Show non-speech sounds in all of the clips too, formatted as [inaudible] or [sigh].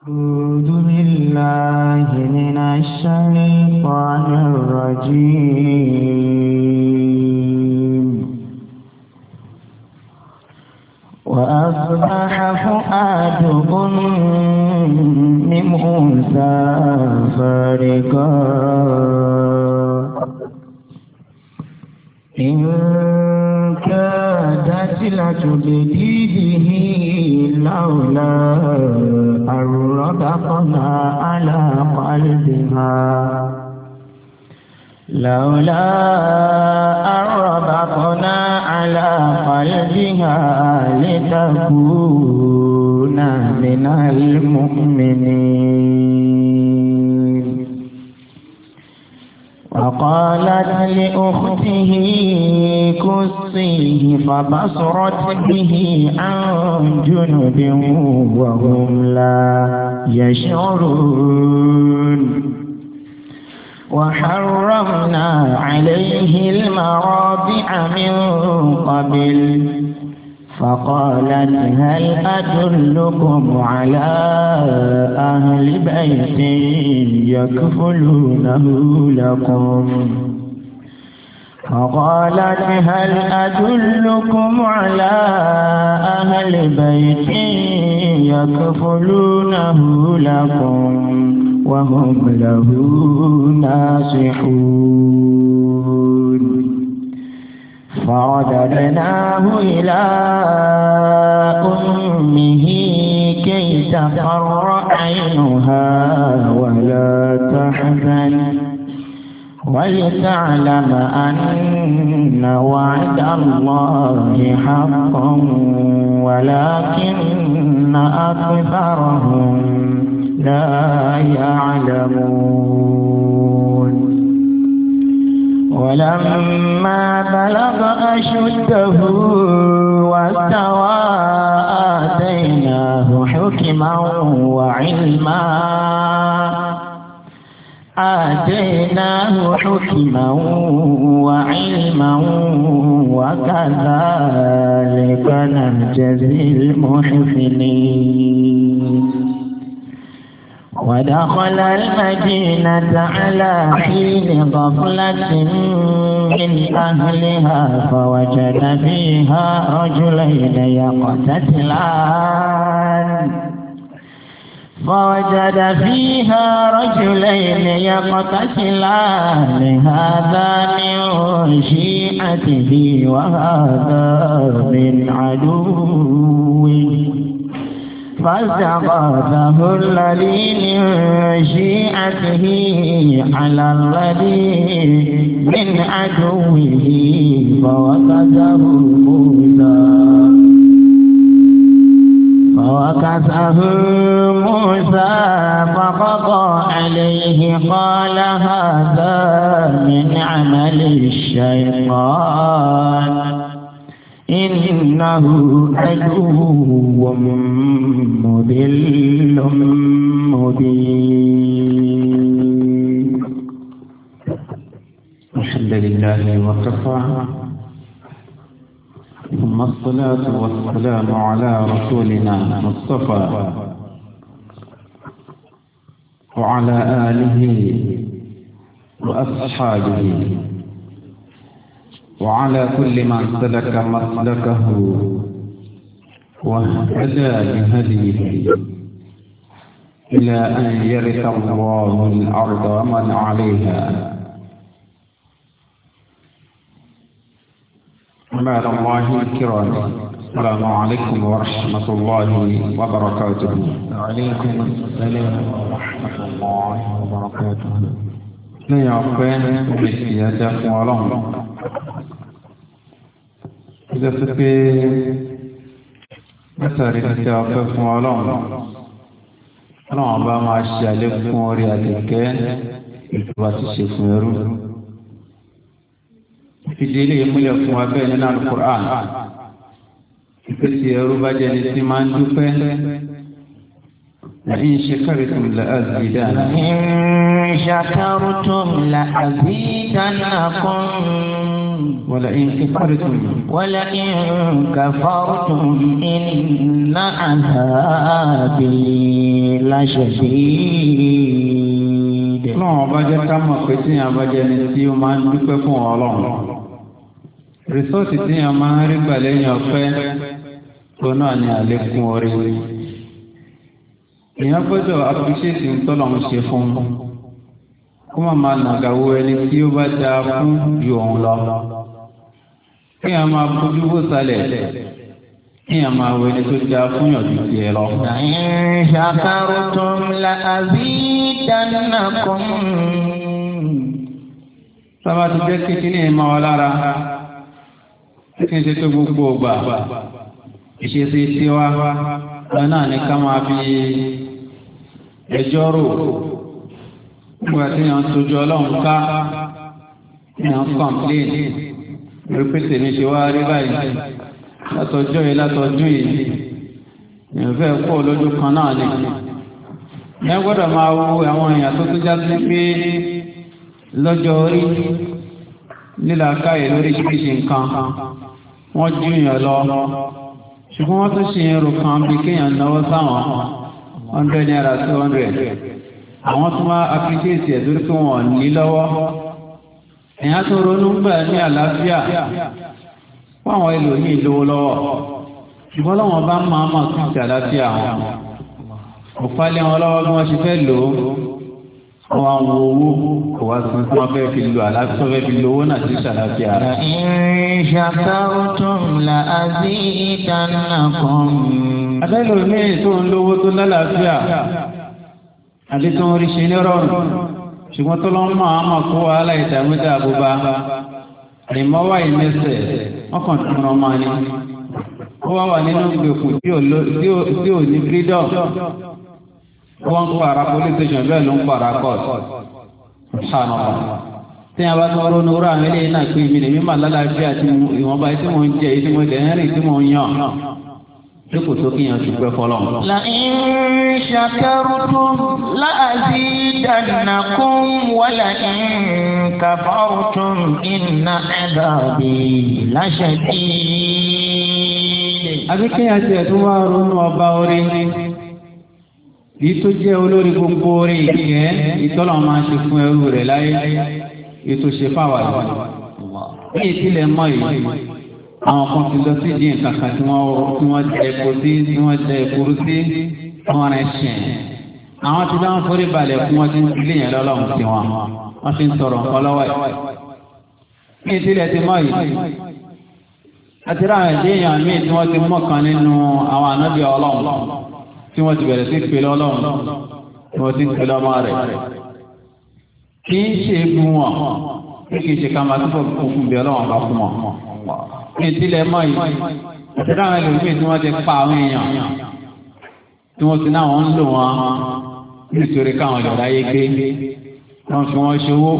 أعوذ بالله من الشيطان الرجيم وأصبح فؤاد أمي لا أربطنا على قلبها لتكون من المؤمنين وقالت لأخته كسيه فبصرت به عن جنب وهم لا يشعرون وحرمنا عليه المرابع من قبل فقالت هل أدلكم على أهل بيت يكفلونه لكم فقالت هل أدلكم على أهل بيت يكفلونه لكم وهم له ناصحون فرددناه إلى أمه كي تقر عينها ولا تحزن ولتعلم أن وعد الله حق ولكن أكثرهم لا يعلمون ولما بلغ أشده واستوى آتيناه حكما وعلما آتيناه حكما وعلما وكذلك نجزي المحسنين ودخل المدينة على حين غفلة من أهلها فوجد فيها رجلين يقتتلان فوجد فيها رجلين يقتتلان هذا من شيعته وهذا من عدوه فزغته الذي من شيعته على الذي من عدوه فوكزه موسى فوكسه موسى فقضى عليه قال هذا من عمل الشيطان إنه عدو مضل مبين الحمد لله وكفى ثم الصلاة والسلام على رسولنا المصطفى وعلى آله وأصحابه وعلى كل من سلك مسلكه واهتدى بهديه إلى أن يرث الله الأرض ومن عليها عباد الله الكرام السلام عليكم ورحمة الله وبركاته وعليكم السلام ورحمة الله وبركاته لا يعقين بسيادة ولهم jẹ́ sí pé mẹ́sàrí ti tẹ́ ọ̀fẹ́ fún ọlọ́run ọlọ́run bá máa ṣe àlékún orí àtẹ̀kẹ́ ìjọba ti ṣe fún ẹrú fìdí ilé ìmúlẹ̀ fún wa bẹ́ẹ̀ nínú alukur'an ìpèsè ẹrú bá jẹ́ ní tí máa ń dúpẹ́ لئن شكرتم لأزيدنكم لئن شكرتم لأزيدنكم ولئن كفرتم ولئن كفرتم إن عذابي لشديد náà ọbàjẹ́ ká mọ̀ pé tí àbájẹ́ ni tí ó máa ń dúpẹ́ fún ọlọ́run rìsọ́ọ̀tì tí a máa ń rí gbà lẹ́yìn ọ̀fẹ́ tó náà ni àlékún orí èèyàn gbọ́dọ̀ appreciate ń tọ́lọ̀ ṣe fún un kó má máa nàgàwó ẹni tí ó bá dáa fún ju òun lọ kí a máa bójú bó salẹ̀ kí a máa wọ ẹni tó dáa fún yọ̀dù tiẹ̀ lọ. in shakartum la azidannakum. sábà ti jẹ́ kékeré yẹn máa wọ lára kí n ṣe tó gbogbo ọgbà ìṣesí tiwa lọ́nà ní ká máa fi ẹjọ́ rò. Nígbà tí yàn ń sojú ọlọ́run ká, yàn ń kọ̀m̀plín, lórí pèsè ní ṣe wá rí báyìí, látọjọ́ yìí látọjọ́ yìí, yàn fẹ́ pọ̀ lójú kan náà ni. Ẹ gbọ́dọ̀ máa wo àwọn èèyàn tó tún já sí pé lọ́jọ́ orí lílà káyè lórí ṣíṣe nǹkan, wọ́n ju yàn lọ. Ṣùgbọ́n wọ́n tún ṣe irun kan bí kéèyàn náwó sáwọn hundred naira two hundred àwọn tó máa apíkéèsì ẹ̀dùn tó wọ̀n ní lọ́wọ́ èèyàn tó ronú pẹ̀ ní àlàáfíà fún àwọn ẹlòmíì lówó lọ́wọ́ ṣùgbọ́n lọ́wọ́n bá máa mọ̀ sí ti àlàáfíà wọn kò falẹ̀ wọn lọ́wọ́ bí wọ́n ṣe fẹ́ lò ó wọn wo owó kò wá sí tí wọ́n fẹ́ fi lo àlàáfíà fẹ́ fi lówó náà sí ṣàlàáfíà rẹ̀. ṣàkàwùtùm là àzí ìdáná kan. abẹ́lòmíì tó ń lówó tó lálàáfíà àbí tó ń rí ṣe ní rọrùn ṣùgbọ́n tó lọ́ mọ̀ àmọ́ kó wàhálà ìdààmúdà àbúbá àrìmọ́wá ìmẹsẹ̀ wọ́n kàn tún ọmọ ni ó wá wà nínú ìgbèkùn tí ò ní freedom wọ́n ń para police station bẹ́ẹ̀ ló ń para court ṣàánú ọ̀hún tí a bá tún ọ̀rọ̀ ní ọ̀rọ̀ àwọn eléyìí náà pé mi lè mímọ̀ lálàáfíà tí ìwọ̀nba tí mò ń jẹ èyí mo jẹ ẹ̀rín tí mò ń yàn. Jókòó tó kí yan dúpẹ́ fọlọ́n. La in shakartum la azidannakum wa la in kafartum inna adabi la shadid. Àbíkẹ́ àti ẹ̀tún wá ronú ọba orí yìí tó jẹ́ olórí gbogbo orí ìyẹn ìtọ́lọ̀ máa ṣe fún ẹrú rẹ̀ láyé ètò ṣe fáwọn Ní ìpínlẹ̀ mọ́ yìí àwọn kan ti lọ sí ìdíyìn kankan tí wọ́n jẹ epo sí tí wọ́n jẹ ekuru sí wọ́n rẹ̀ ṣẹ̀. àwọn ti dáhùn sórí balẹ̀ fún wọn ti ń tilé yẹn lọ́lọ́run sí wọn wọ́n ti ń sọ̀rọ̀ nǹkan lọ́wọ́ ẹ̀. ní ìtìlẹ̀ ti mọ́ yìí àti ra àwọn ìdíyàn tí wọ́n ti mọ̀ kan nínú àwọn ànábìà ọlọ́run tí wọ́n ti bẹ̀rẹ̀ sí pèlú ọlọ́run tí wọ́n ti ń pèlú ọmọ rẹ̀ kì í ṣe egun wọn kì í ṣe ká máa túbọ̀ fún bí ọlọ́run bá fún wọn ní ìdílé mọ́ yìí àtẹ́lá àwọn ẹlòmíì tí wọ́n ti pa àwọn èèyàn tí wọ́n ti náà wọ́n ń lò wọ́n nítorí káwọn lọ láyé gbé wọ́n fi wọ́n ṣòwò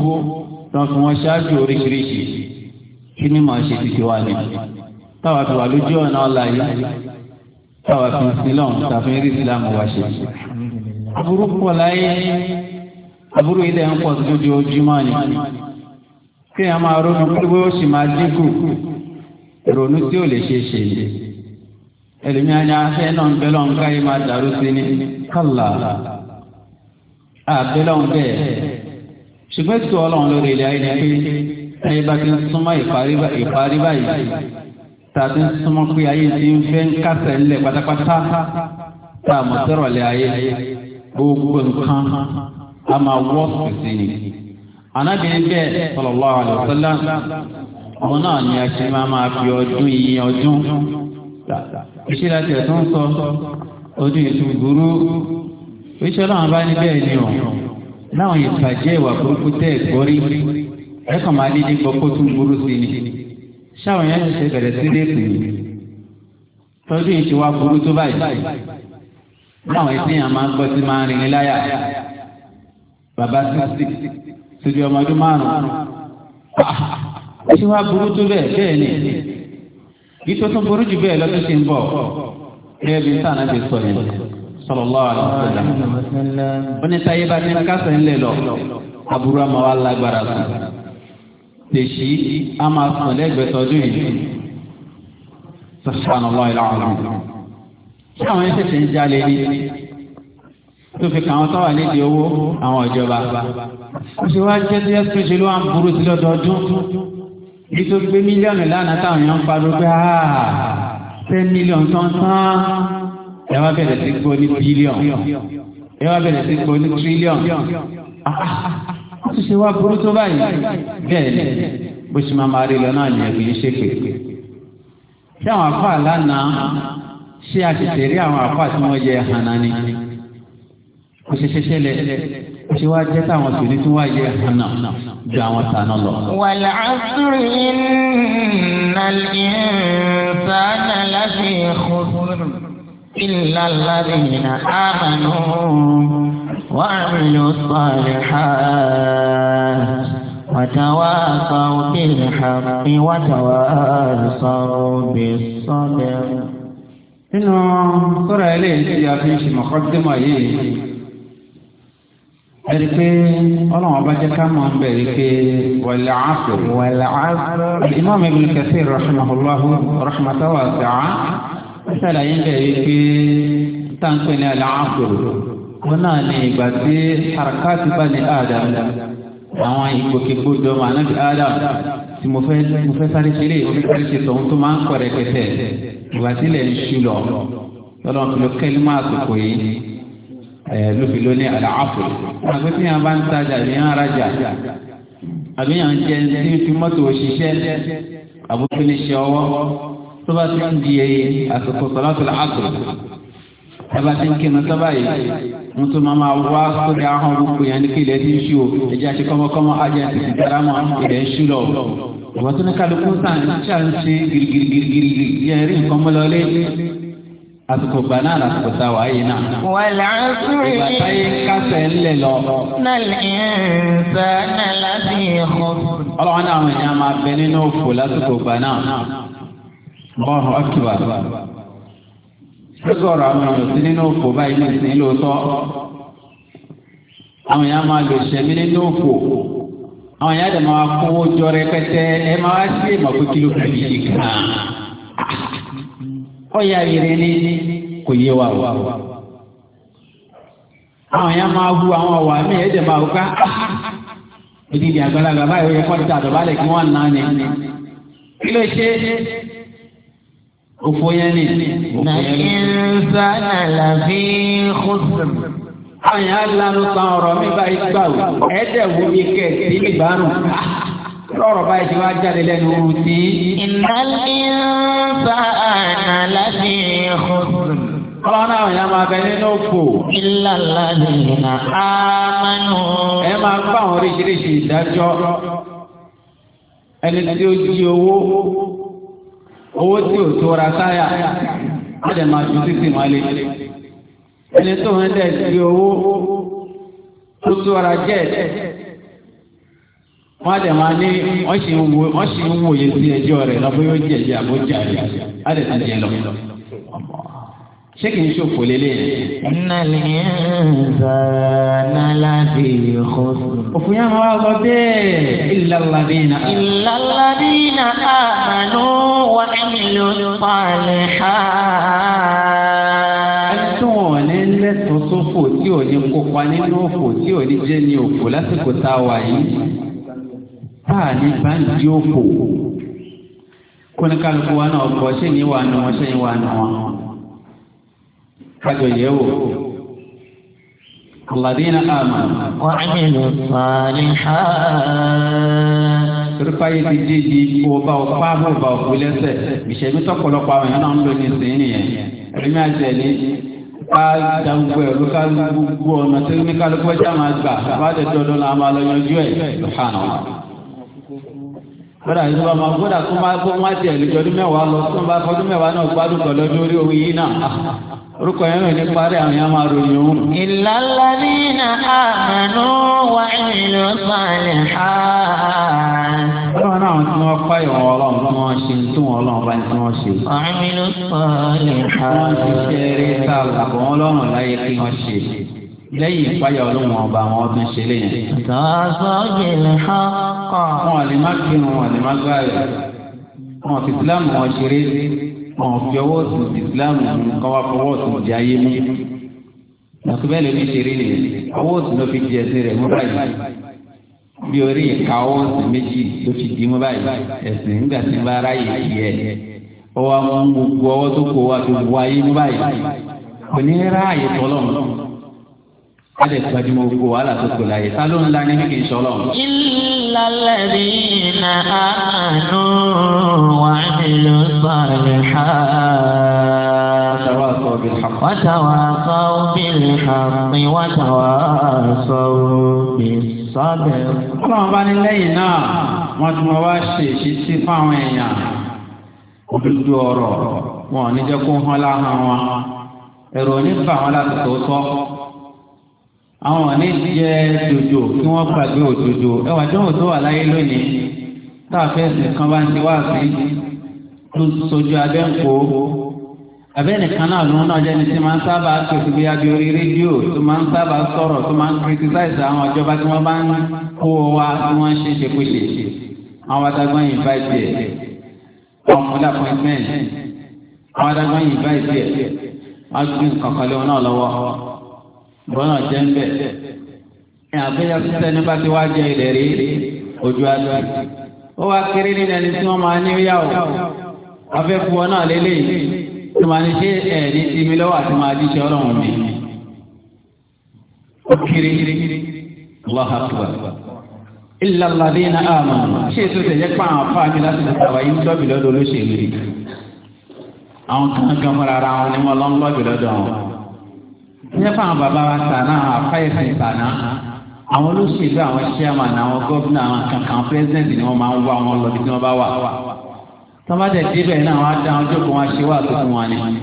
wọ́n fi wọ́n ṣáájú oríṣiríṣi kí ni màá ṣe títí wá ní táwa ti wà lójú ọ̀nà ọ̀la yìí táwa fi ń tàbí rí ìsìlámù wá ṣe. aburú pọ̀ láyé aburú ilẹ̀ ń pọ̀ lójoojúmọ́ ni kí ni a máa ronú pé ó sì máa dínkù ronú tí ò lè ṣe é ṣe ni ẹlòmíà ni afẹ́ náà ń bẹ́ lọ́n ká yìí ah, máa dàrú sí ni kálá àbẹ́ lọ́n bẹ́ẹ̀ ṣùgbọ́n tí ọlọ́run lórí ilẹ̀ ayé ni pé ẹyẹ bá ti ń súnmọ́ ìparí báyìí tàbí ń súnmọ́ pé ayé ti ń fẹ́ ń kásẹ̀ ńlẹ̀ pátápátá tá a mọ̀ sẹ́rọ̀lẹ̀ ayé gbogbo nǹkan a máa wọ́ sí ni. anábìrin bẹ́ẹ̀ sallallahu alaihi wasallam òun náà ni a ṣe máa máa fi ọdún iye ọdún iṣẹ́ láti ẹ̀ tó ń sọ ọdún ètò ìgboro iṣẹ́ náà bá ní bẹ́ẹ̀ ni ọ̀ láwọn ìbàjẹ́ ìwà burúkú tẹ́ ẹ̀gbọ́rí ẹ kàn máa dídí gbọ́ kó tún burú sí ni ṣáwọn yẹn ṣe bẹ̀rẹ̀ sí lẹ́kùn yìí tọ́jú ìṣe wa burú tó báyìí láwọn ẹ̀sìn yẹn máa ń gbọ́ sí máa ń rìn láyà bàbá sísí tójú ọmọdún márùn-ún. Ah! ó sì wá burú tó bẹ́ẹ̀ bẹ́ẹ̀ ni kí tó tún burú jù bẹ́ẹ̀ lọ́dún tí ń bọ̀ bẹ́ẹ̀ bí sáà náà ti sọ yẹn sallallahu alaihi wasallam ó ní táyé bá ní kásán ńlẹ̀ lọ aburú àmọ́ wa lágbára sùn tèṣí a máa sùn lẹ́gbẹ̀ẹ́ tọdún yìí subhanallah ilaahu ṣé àwọn ẹni tètè ń jalè ní tó fi kàn sáwà nídìí owó àwọn ìjọba ó ṣe wá jẹ́ tó yẹ ló wà ń burú sí lọ́dọọdún bí tó gbé mílíọ̀nù lánàá táwọn èèyàn ń pariwo pé áà ah, ten million tán tán ẹ wá bẹ̀rẹ̀ sí gbọ́ ní bílíọ̀n ẹ wá bẹ̀rẹ̀ sí gbọ́ ní tírílíọ̀n àtúnṣe ah, ah, wá burú tó báyìí bẹ́ẹ̀ ni bó ṣe máa máa rí lọ náà ní ẹ̀rù yìí ṣe pé ṣé àwọn àfáà lánàá ṣé a ti tẹ̀lé àwọn àfáà tí wọ́n yẹ hànà ni kò ṣe ṣẹṣẹ lẹ ṣé wá jẹ́ táwọn tòní tí wọ́n yẹ hànà náà. ju àwọn tàná lọ. wal asri innal insana lafi khusr illa alladhina amanu wa amilu salihat وتواصوا بالحق وتواصوا بالصبر. إنه سورة إليه يا أخي مقدمة إيه ẹni pé ọlọ́run bá jẹ́ ká mọ̀ ń bẹ̀rẹ̀ pé wàlẹ̀ àásù. wàlẹ̀ àásù. Imam Ibn Kathir rahmatulahu rahmatulahu àtàá ṣàlàyé ń bẹ̀rẹ̀ pé táǹpẹ̀ ní àlẹ́ àásù. wọn náà ní ìgbà tí harakati bá ní Adam àwọn ìgbòkègbodò máa náà bí Adam tí mo fẹ́ mo fẹ́ sáré ṣeré mo fẹ́ sáré ṣe tòun tó máa ń kọ̀ rẹpẹtẹ ìgbà tí ilẹ̀ ń ṣú lọ lọ́dọ̀ tó lọ kẹ́lí máa sòkò yìí. Eh, ló fi ló ní àlàáfò àgbé tí yàn bá ń tajà ní arajà àbí yàn jẹ ní fi mọ́tò òṣìṣẹ́ àbúkú ní ṣe ọwọ́ tó bá ti ń di àsìkò sọlátùlá àtò ẹbá ti ń kírun sábà yìí mo tún máa máa wá sórí ahọ́n gbogbo yẹn ní kí ilẹ̀ ti ń ṣú o ẹjẹ́ àti kọ́mọkọ́mọ ajẹ́ ti ti dára mọ́ ilẹ̀ ń ṣú lọ. ìwọ́n tún ní kálukú sáà ń ṣe gírígírígírígírí yẹn rí nǹkan mọ́lọ́lé àsìkò gbà náà lásìkò tá a wà yìí náà. wàlá àṣírí ìgbà táyé ń kásẹ̀ ńlẹ̀ lọ. nàlẹ́ ẹ̀ǹsà náà láti ẹ̀kọ́. ọlọ́run náà àwọn èèyàn máa bẹ nínú òfò lásìkò gbà náà. bọ́ọ̀rù ọ̀kìwà. ṣùgbọ́n àwọn èèyàn sí nínú òfò báyìí ní ìsìn lóòótọ́. àwọn èèyàn máa lò ṣẹ̀mí nínú òfò. àwọn èèyàn dẹ̀ máa kówó jọ rẹpẹtẹ ẹ máa ṣe ọ̀yà ìrìn ni kò yé wa o. àwọn yẹn máa hu àwọn ọ̀wà mí ẹ̀ jẹ̀ máa hu ká àgbàlagbà báyìí ó yẹ kọ́ níta àdọ̀bálẹ̀ kí wọ́n nà ni kí ló ṣe òfò yẹn ni. nàìjíríà làbí kùsùn. àwọn yẹn á lanu san ọ̀rọ̀ mi báyìí gbà wò ẹ̀ẹ́dẹ̀ wo mi kẹ̀ sí ìbárùn sọ̀rọ̀ báyìí ti wá jáde lẹ́nu ooru tí. ìnáni ń fa àná láti ẹ̀kọ́. Ọlọ́run àwọn èèyàn máa bẹ nínú òfò. Ìlàlá nìyẹnà ámánú. Ẹ máa ń bá àwọn oríṣiríṣi ìdájọ́. Ẹni tí ó jí owó, owó tí ò tó ra táyà, wọ́n dẹ̀ máa ju títì mọ́lé. Ẹni tó ń dẹ̀ jí owó, tó tó ra jẹ́ẹ̀tì wọ́n dẹ̀ máa ní wọ́n sì ń wòye sí ẹjọ́ rẹ̀ lọ́pọ̀ yóò jẹ́ ẹ̀jẹ̀ àbó jà rẹ̀ adẹ̀ ti jẹ́ lọ. ṣé kìí ṣòfò lélẹ̀ yẹn. nàlẹ́ ẹ̀ẹ́dánà láti ìkóso. òfin yẹn wá lọ bẹ́ẹ̀ ìlàlàdínà. ìlàlàdínà àmàlú wà nílò pàlẹ́ ha. ẹ̀sùn wọn ní sófò tí ò ní kópa nínú òfò tí ò ní jẹ́ ní òfò lásìkò tá a wà yìí táà ní báńkì yóò kò kóníkàlùkù wa náà kọ ṣé ní wàá nù wọn ṣé ní wàá nù wọn kájọ yẹ̀ wò. الذين آمنوا وعملوا الصالحات torípáyé ti dé di ọba ọba ọba òkúlẹ́sẹ̀ ìṣẹ́bí tọ́pọ̀lọpọ̀ àwọn èèyàn náà ń lò ní ìsìn nìyẹn ẹ̀rí máa tẹ̀lé ká dàgbò ẹ̀rú ká gbogbo ọ̀nà tó ní kálukú ẹ̀ṣá máa gbà bá tẹ̀tọ́ lọ́nà àmàlọ́yanjú ẹ̀ lọ́hànà kódà yìí wọ́n máa kódà kó máa kó máa tiẹ̀ lójó ọdún mẹ́wàá lọ tó ń bá fọdún mẹ́wàá náà gbádùn pẹ̀lú ọdún orí omi yìí náà orúkọ yẹn lóye ní parí àwọn yẹn máa ròyìn òun. ìlàlàbí na àmàlú wà ìlú sàlẹ̀ ha. báwo náà àwọn tí wọ́n pa ìwọ̀n ọlọ́run tí wọ́n ṣe tí wọ́n ọlọ́run bá ní tí wọ́n ṣe. àmì ló sàlẹ̀ ha. wọ́n ti ṣe eré tá a lọ́rùn láyé kí wọ́n ṣe lẹ́yìn ìpáyà ọlọ́run ọba àwọn ọdún ṣe lẹ́yìn. sọ́ọ́sọ́ọ̀jì lè hàn kàn. wọn lè má kírun wọn lè má gbá rẹ̀ wọn fi ìsìláàmù wọn ṣeré wọn fi ọwọ́ sùn ìsìláàmù kan wá fọwọ́ sùn di ayé mú. lọ́sọ̀ bẹ́ẹ̀ ló fi ṣeré nìyẹn ọwọ́ sùn ló fi di ẹsẹ̀ rẹ̀ mú báyìí bí orí ìka ọwọ́ sùn méjì ló fi di mú báyìí ẹ̀sìn nígbà tí ń bá aráyè yẹ ọwọ́ àwọn gbogbo ọwọ́ tó kọ wá fi wọ mú báyìí kò ní wọ́n lè gbadi mo gbogbo wàhálà tó kò láyé ta ló ń la ní kí n sọlọ. ìlàlẹ́bí na àánú wà nílò sọ̀rọ̀ ha. wàtàwàsọ bíi hàmì wàtàwàsọ bíi sọ́bẹ̀. ọlọ́run bá ní lẹ́yìn náà wọ́n ti mọ wá ṣe ìṣítí fáwọn èèyàn òdodo ọ̀rọ̀ wọn ò ní jẹ́ kó hán láhàn wọn ẹ̀rọ onífà wọn láti tó tọ́ àwọn ò ní jẹ dòdò kí wọ́n gbàgbé òdòdò ẹwà jọ́wọ́ tó wà láyé lónìí táàfẹ́sì kan bá ń ti wá sí tó sojú abẹ́ ń kó abẹ́nìkan náà ló ń náà jẹ́ni tí máa ń sábà pèsè bí abẹ́ orí rédíò tó máa ń sábà sọ̀rọ̀ tó máa ń kíritisáìsì àwọn ìjọba tí wọ́n bá ń kó wa tí wọ́n ń ṣe ṣekúṣe àwọn adágbọ́n yìí bá jẹ́ àwọn ọmọdé appointment àwọn adágbọ́n yìí bá jẹ́ wọ́n á gbé nǹkan kan lé wọn náà lọ́wọ́ bọ́nà jẹ́ ń bẹ̀. àfihàn sísẹ́ nípa tí wàá jẹ ilẹ̀ rí ojú adó. ó wá kéré nínú ẹni tí wọ́n máa ní yá o afẹ́ fún ọ náà lélẹ́yìí tí wọ́n ní ṣe ẹ̀ ní tìmí lọ́wọ́ àti máa di iṣẹ́ ọlọ́run mi. ó kéré Allahu akbar illa alladhina amanu ṣé èso tẹ̀yẹ́ pa àwọn afáàmì láti lè sàwáyé ń tọ́bi lọ́dọ̀ olóṣèlú àwọn kan kan fúnra ara wọn ni wọ́n lọ́ ń lọ́bi lọ́dọ̀ àwọn ìyẹn fún àwọn bàbá wa tàná àwọn afáyẹsẹ ìtàná àwọn olóṣèlú àwọn chairman àwọn gómìnà àwọn kankan president ni wọ́n máa ń wá wọn lọ bí wọ́n bá wà tọ́mọ́tẹ̀ débẹ̀ náà wọ́n á dá ọjọ́ kan wá ṣe wà tó fún wọn ni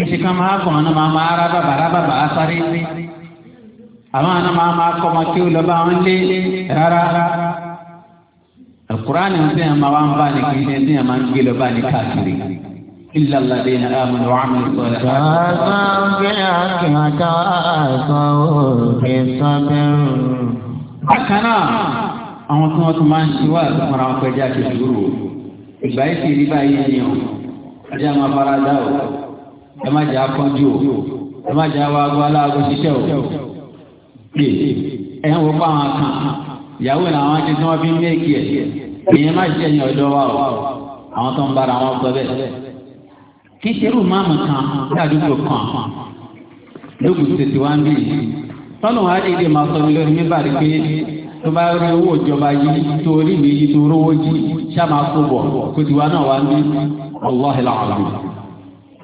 èsì kan máa gbọ̀n ọ́nà máa máa rábà bàrábà bà á sáré àwọn àna máa máa kọ́ ọmọ kí ó lọ bá wọn lé rárá Al-Qur'ani ń sẹ́yìn máa wá ń bá ní kí ń sẹ́yìn máa ń gbé lọ bá ní káàkiri. إلا الذين آمنوا وعملوا الصالحات فأصبحك وتواصوا بالصبر bákan náà àwọn tí wọ́n tún máa ń ṣe wá àtúnfara wọn pẹ̀já ti dúró ìgbà yìí ti rí báyìí ni o ẹjẹ́ máa fara dá o ẹ má jẹ́ akọ́jú o ẹ má jẹ́ àwọn aago aláàgọ́ ṣiṣẹ́ o pè ń wo pa àwọn kan ìyàwó làwọn ti tí fi ń mẹ́ẹ̀kì ẹ̀ ìyẹn má ṣiṣẹ́ ní ọ̀dọ́ wa o àwọn tó ń bára wọn sọ bẹ́ẹ̀. kì í ṣe irú máàmù kan ní àdúgbò kan lóògùn tètè wá ń bì í tọ́nù wá dédé máa sọ mi lórí rí pé tó bá rí owó ìjọba yìí tó rí mi yìí tó rówó yìí ṣá máa kó bọ̀ kó náà wá ń ala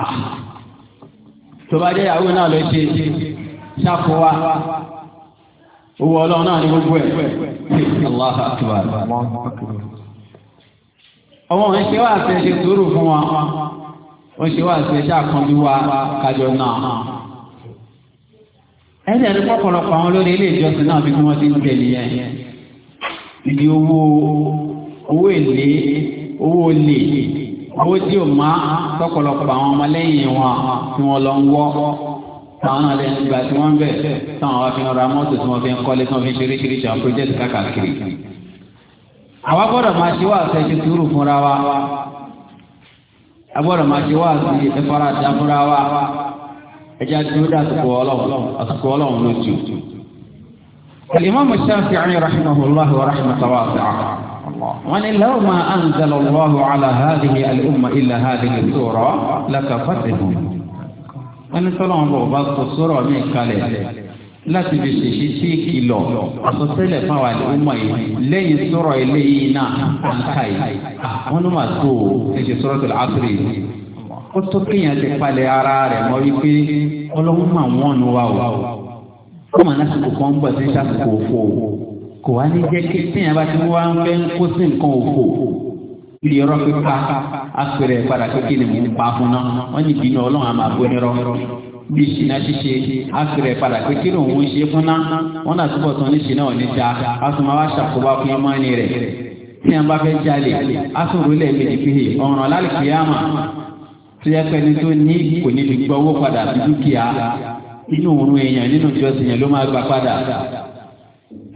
ah. tó bá ìyàwó náà lọ ṣe ó ṣe wá sí ẹṣẹ́ àkànbí wa kájọ náà. ẹni ẹni pọ̀pọ̀lọpọ̀ àwọn olórí ilé ìjọsìn náà bí wọ́n ti ń tẹ̀lé yẹn ibi owó owó èlé owó olè owó tí ò má pọ̀pọ̀lọpọ̀ àwọn ọmọlẹ́yìn wọn tí wọ́n lọ ń wọ́ àwọn náà lẹ́nu ìgbà tí wọ́n ń bẹ̀ táwọn wá fi ra mọ́tò tí wọ́n fi ń kọ́lé tí wọ́n fi ń ṣeréṣiríṣi àwọn pírójẹ́tì káàkiri. àwa gbọ́dọ̀ máa ṣe wá àfẹ́ṣe sùúrù fúnra wa agbọ́dọ̀ máa ṣe wá sí ẹfara dáfúra wa ẹjá tí ó dá àsìkò ọlọ́run àsìkò ọlọ́run ló jù. الإمام الشافعي رحمه الله ورحمة واسعة وأن لو ما أنزل الله على هذه الأمة إلا هذه السورة لكفتهم. أن سلام الله بس السورة من كلمة láti fi ṣèṣe sí ìkìlọ̀ àsọtẹ́lẹ̀ fún àwọn àdéhùnmọ̀ yìí lẹ́yìn sọ̀rọ̀ eléyìí náà àǹkà yìí ah, wọ́n ló máa tó ẹ̀ṣẹ̀ sọ̀rọ̀ tó lásìrì yìí ó tó kéèyàn ti palẹ̀ ara rẹ̀ mọ́ wípé ọlọ́run máa wọ́n nu wa o ó máa lásìkò kan bọ̀ sí sásìkò òfò kò wá ní jẹ́ kí bá ti wá ń fẹ́ kó sí nǹkan òfò ilé ọ̀rọ̀ pípa á padà kékeré mú pa fún náà wọ́n ní ìbínú ọlọ́run á máa gbóni bí isi na àgbẹ̀rẹ̀ padà pé kí ló ń ṣe fúnná wọn náà túbọ̀ tán níṣìnà ò ní ta a tún máa wá ṣàkóbá fún ọmọ ẹni rẹ̀ tí a bá fẹ́ jalè a tún rú lẹ́ẹ̀mejì pé ọ̀ràn lálùkìyàmà tí ẹ pẹ́ni tó ní kò ní lè gbọ́ owó padà dúkìá inú òun èèyàn nínú ìjọsìn yẹn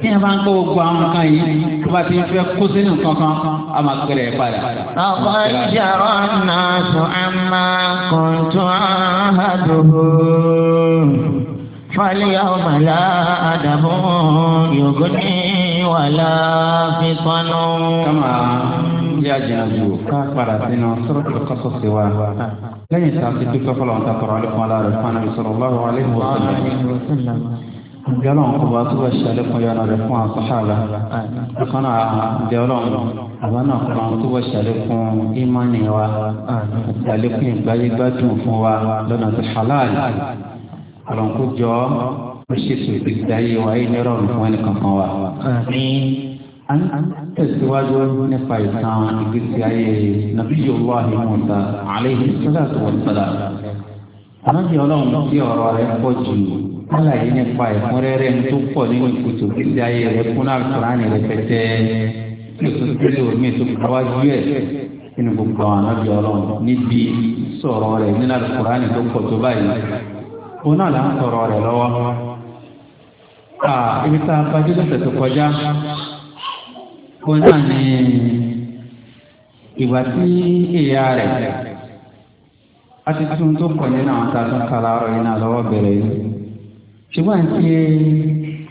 tí a bá ń kó gbogbo àwọn nǹkan yìí tó bá ti fẹ́ kó sínú kankan a máa gbẹrẹ padà. ọ̀pọ̀ ìjàrọ̀ náà sùn á máa kùn tún àádọ́gbò. فاليوم لا أدب يغني ولا فطن كما يجاز كفر سنة سورة القصص لن يتعطي في كفر وأنت قرأ لكم على رسول الله صلى الله عليه وسلم Ìjọ́lọ́n kò bá túbọ̀ ṣàlékún yọ̀nà rẹ̀ fún àṣàhàlà. Ìkànnà ìjọ́lọ́n àbá náà kò máa túbọ̀ ṣàlékún ìmánì wa. Ṣàlékún ìgbáyé gbádùn fún wa lọ́nà tó halal. Ọ̀lọ́nkú jọ ó ṣètò ìgbáyé wa yìí nírọ̀rùn fún ẹnì kankan wa. An tẹ̀síwájú nípa ìtàn ìgbésí ayé Nabiyullahi Musa alayhi salatu wa salam. Ànábì ọlọ́run tí ọ̀rọ̀ rẹ̀ pọ̀ jù àlàyé nípa ẹ̀kúnrẹ́rẹ́ ní tó pọ̀ nínú ìkòtò ìdí ayé rẹ̀ fún àlùkùránì rẹ̀ pẹ̀tẹ́ ètò ìdílé omi ètò ìdáwájú ẹ̀ nínú gbogbo àwọn ànábì ọlọ́run níbi sọ̀rọ̀ rẹ̀ nínú àlùkùránì tó pọ̀ tó báyìí òun náà là ń sọ̀rọ̀ rẹ̀ lọ́wọ́ ibi tá a bájú lọ́sẹ̀ tó kọjá òun náà ni ìgbà tí ìyá rẹ̀ a ti tún tó kọ̀ nínú àwọn tá a tún kala ọ̀rọ̀ yìí náà lọ́wọ́ bẹ̀rẹ̀ yìí ṣùgbọ́n ṣe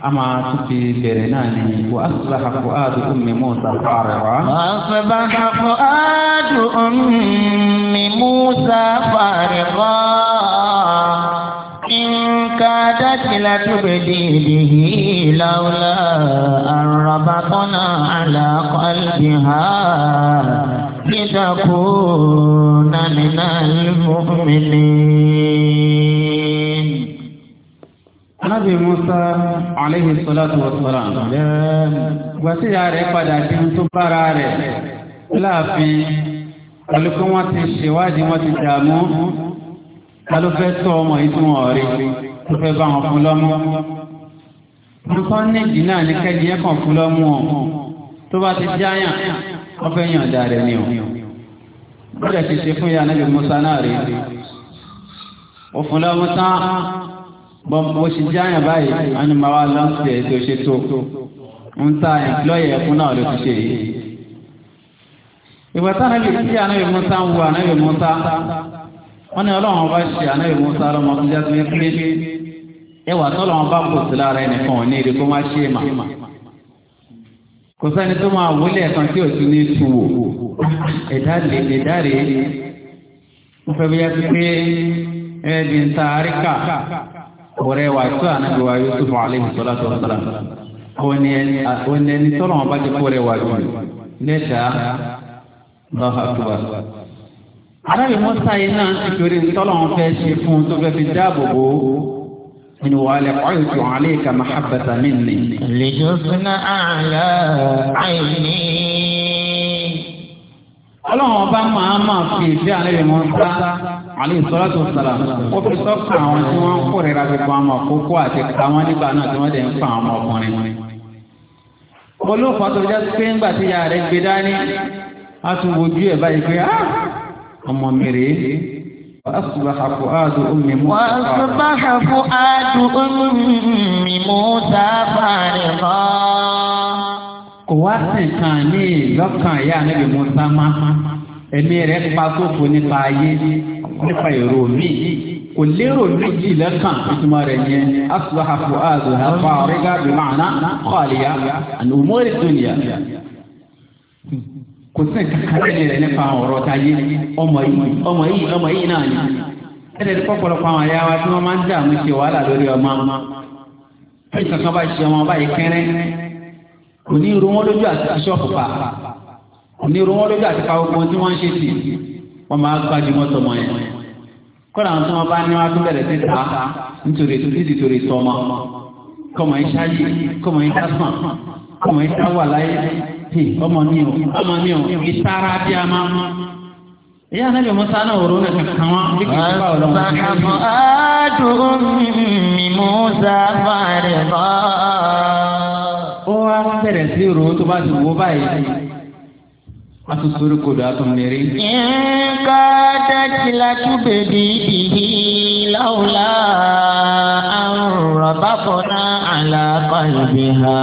a máa tún fi bẹ̀rẹ̀ náà ni wà á sọ ha kó áàdù ummi musa fàrẹwà. wà á sọ bá ha kó áàdù ummi musa fàrẹwà. كادت لتبدي به لولا أن ربطنا على قلبها لتكون من المؤمنين Anábì Musa alayhi salatu wa salam. Gbàtí ìyá rẹ̀ padà di ń tó bára rẹ̀ láàfin pẹ̀lú pé wọ́n ti ṣèwádìí wọ́n ti dààmú. Ta ló fẹ́ tọ́ ọmọ yìí tí wọ́n rí tó fẹ́ bá wọn fún lọ́mú? Nǹkan níjì náà ní kẹ́jì yẹn kàn fún lọ́mú ọ̀. Tó bá ti jáyàn, wọ́n fẹ́ yàn dà rẹ̀ ni ọ̀. Bọ́dẹ̀ ti ṣe fún ìyá Anábì Musa náà rí. Òfin lọ́mú tán mo ṣe jáyàn báyìí wọn ni màá wá lọ́sì ẹ̀ tó ṣe tó ń ta ìlọ́yẹ̀ ẹ̀kún náà ló ti ṣe yìí. ìwà táwọn ibi tí anáyè Musa ń wo anáyè Musa wọn ni ọlọ́run bá ṣe anáyè Musa lọ́mọ tó jẹ́ pé pé ẹwà tọ́lọ́run bá kò sí lára ẹnìkan ò ní kó má ṣe mà. kò sẹ́ni tó máa wọlé ẹ̀kan tí ò ní tu wò ẹ̀dá lè ẹ̀dá rèé. mo fẹ́ bí yá pé ẹ̀ẹ́dì ń ta ọ̀rẹ́ wa tó ànábi wa Yusuf alayhi salatu wa salam òní ẹni tọ́lọ̀ wọn bá jẹ́ kó rẹ̀ wà jù lẹ́tà lọ́hà tuwa. arábì Musa yìí náà ti torí tọ́lọ̀ wọn fẹ́ ṣe fún tó fẹ́ fi dáàbò bò ó. من ولقيت عليك محبة مني لجبن أعلى عيني ọlọ́run ọba máa máa fi ìdí àlẹ́ rẹ̀ mọ́ sá àlẹ́ ìsọ́lá tó sàrà ó fi sọ́kàn àwọn tí wọ́n ń kórìíra gbogbo àwọn àkókò àti àwọn nígbà náà tí wọ́n dẹ̀ ń fa àwọn ọkùnrin wọn. olóòfà tó já pé ńgbà tí ìyá rẹ̀ gbé dání a tún wojú ẹ̀ báyìí pé ah, ọmọ mi rèé وأصبح فؤاد أم موسى وأصبح فؤاد أم موسى فارغا kò wá sí nǹkan ní lọ́kàn ìyá níbi musa má ẹ̀mí rẹ̀ pa sófo nípa ayé nípa èrò mi kò lérò méjì lẹ́kàn ìtumọ̀ rẹ̀ yẹn asùlọ́ha fún ààzùhà fún àrígá bí màánà kọ́ àlìyá àni òmórè dúnìyà kò rẹ̀ nípa ọ̀rọ̀ ọmọ yìí ọmọ yìí ọmọ yìí náà ni pọ̀pọ̀lọpọ̀ àwọn wa tí wọ́n máa ń dààmú ṣe wàhálà lórí kò ní irun wọn lójú aṣọ aṣọ́ọ̀fù kò ní irun wọn lójú àti pàwọ́pọ̀ tí wọ́n ń ṣe sí wọ́n máa gbájú mọ́tò mọ́ yẹn kọ́nà àwọn tí wọ́n bá ní wọn tún bẹ̀rẹ̀ sí ta nítorí tó títí torí kọmọ iṣẹ́ ayé kọmọ iṣẹ́ iṣẹ́ láyé ọmọ ọmọ bí a máa mọ́ ó wá bẹ̀rẹ̀ sí ro tó bá ti wo báyìí a tún sórí kodò a tún lérí. nǹka dájú la túbẹ̀ di ìdí láwùlá àrùn rọ̀bá kọ́ná ha.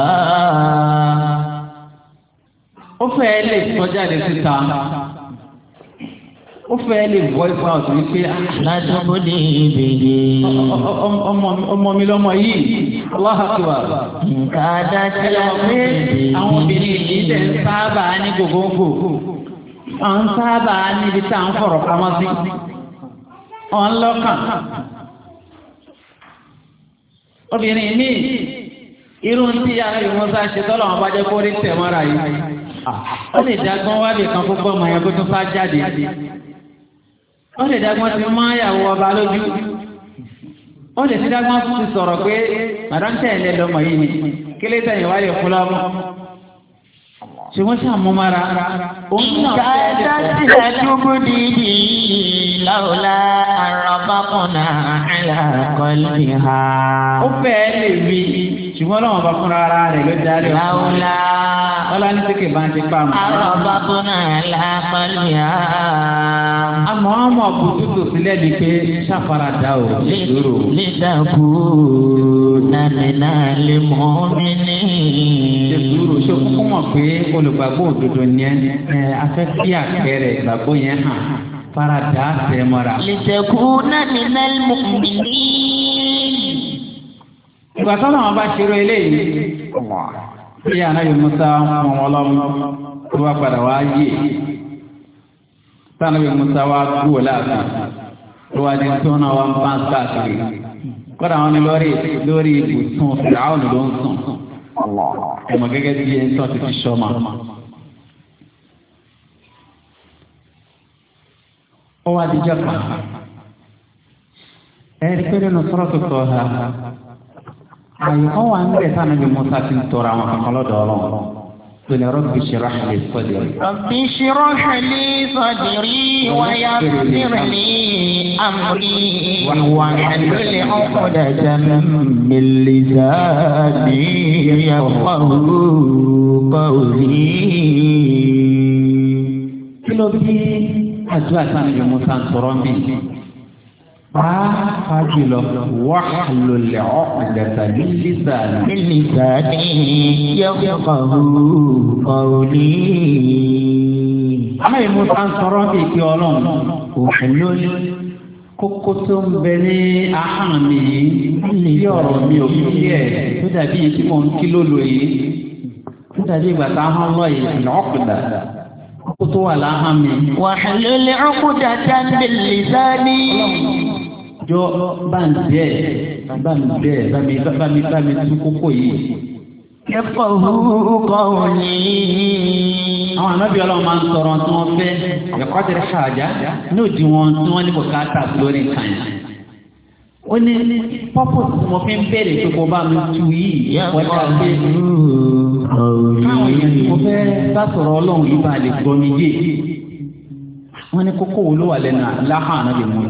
ó fẹ́ lè sọ jáde síta ó fẹ́ lè voice out wípé ah, látọ́bọ̀dé ìbèrè. ọmọ mi lọ́mọ yìí aláhàtúwà. nǹkan adájọ́ láti ìbèrè. àwọn obìnrin yìí tẹ̀ ń sábà ní gògóńgò. à ń sábà níbi tá à ń fọ̀rọ̀ pamọ́ sí. ọ̀n lọ́kàn. obìnrin mi irú ń tí ara ìmúṣá ṣe tọ́lọ̀ wọn bá jẹ́ kó rí tẹ̀ mọ́ra yìí. ó lè dá gbọ́n wá lè kan fún gbọ́n mọ̀ yẹn kó tún fá jáde ó lè dágbọ́n ti máa yàwó ọba lójú ó lè ti dágbọ́n ti sọ̀rọ̀ pé madam tẹ̀ ẹ̀ lọ́mọ yìí ni kílé tẹ̀yìn wáyé fúlá mọ́ ṣùgbọ́n ṣàmúmára òun náà. kàdá sí ẹ̀dúgbò dìdì láòlá sábàkùnà àlàkọ́lìhà. ó fẹ́ẹ́ lè rí ṣùgbọ́n náà wọ́n bá fúnra ara rẹ̀ ló darí ọ̀sán. láwùlá. ọlá ní sèké bá ń ti pa àmọ́. àrọ̀bákùnà àlàkọ́lìhà. àmọ́ ọmọ òbútú tó sílẹ̀ di pé ṣàfaradà ò ní ìṣòro. lídàkú nàmínà lè mọ́ mi ní. ìṣòro ṣe kúkú mọ̀ pé olùgbàgbọ́ òdodo yẹn afẹ́ kí àpẹẹrẹ ìgbàgbọ́ yẹn hàn farada tẹ̀mọ́ra. lìtẹ̀kùnà minal mu'minin. ìgbà tó náà bá ṣeré eléyìí. bí ànábì Musa mọ̀ wọ́n lọ́mú tó bá padà wá yé. sanabi Musa wa gbúwò láàbù tó wá di tó náà wá bá ń káàkiri. kọ́dà wọn ni lórí lórí ibùsùn fìlà àwọn ló ń sùn. ọmọ gẹ́gẹ́ bí ẹni tó ti fi ṣọ́ ọwọ adijọ kan ẹni pé nínú sọ̀rọ̀ tó ha àyè kan wà níbẹ̀ sáni bí musa ti ń tọrọ àwọn kankan lọ́dọ̀ ọlọ́run tóni rọ́bì ṣẹlá ṣẹlẹ̀ sọ́dẹ̀rì. rọ́bì ṣẹlá ṣẹlẹ̀ sọ́dẹ̀rì wáyà sírìlì amúlì wà lólè ọ̀kọ̀dà jẹ́mi mẹ́lẹ́dà ní ìyàwó báwòlì. kí ló bí àdúrà sànàbí musa ń sọ̀rọ̀ mi pàápàá jùlọ wàhálùlẹ̀ ọ̀pẹ̀dẹ̀sà ní sísà nínú ìsàdé yọkọ̀ ọ̀rọ̀lì. Àwọn èèmù ta ń sọ̀rọ̀ bí ìpè ọlọ́run òṣèlú kókó tó ń bẹ ní ahọ́n mi yìí bí ọ̀rọ̀ mi ò fi ẹ̀ tó dàbí ìtumọ̀ ń kí lólo yìí tó dàbí ìgbà tá lọ yìí lọ́kùnrin kótó wà láhàn mi. wàhálà lè ọkùn dàda ní lìsání. jọ bá ń bẹ bá ń bẹ bá mi bá mi bá mi tún kókó yìí. kẹfọ orúkọ òní. àwọn ànábì ọlọ́run máa ń sọ̀rọ̀ tí wọ́n fẹ́ ẹ̀kọ́ tẹ̀lé ṣáàjá ní òdiwọ̀n tí wọ́n ní kò ká tà lórí nǹkan yìí. ó ní pọ́pọ̀ tí mo fi ń bẹ̀rẹ̀ tó kọ bá mi tu yìí wọ́dà pé káwọn èèyàn mo fẹ́ bá sọ̀rọ̀ ọlọ́run yìí bá lè gbọ́ mi wọ́n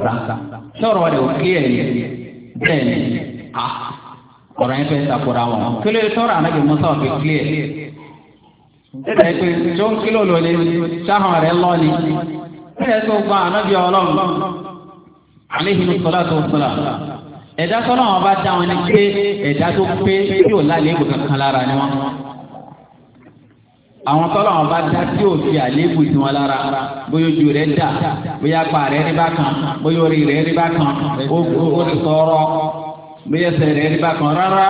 ta sọ̀rọ̀ rẹ̀ ò kílẹ̀ yẹn bẹ́ẹ̀ ni a ọ̀rọ̀ yẹn fẹ́ sàkóra wọn kílẹ̀ sọ̀rọ̀ àná lè mú kílẹ̀ tó ń sáhàn rẹ̀ tó àléhìn sọlá tó ń sọlá ẹ̀dá sọ́nà wọn bá dá wọn ní pé ẹ̀dá tó pé tí ò lálébù kankan lára ni wọn. àwọn sọ́nà wọn bá dá tí ò fi àlébù sí wọn lára bóyá ojú rẹ̀ dà bóyá apá rẹ̀ rí bá kan bóyá orí rẹ̀ rí bá kan ó ti sọ̀rọ̀ bóyá ẹsẹ̀ rẹ̀ rí bá kan rárá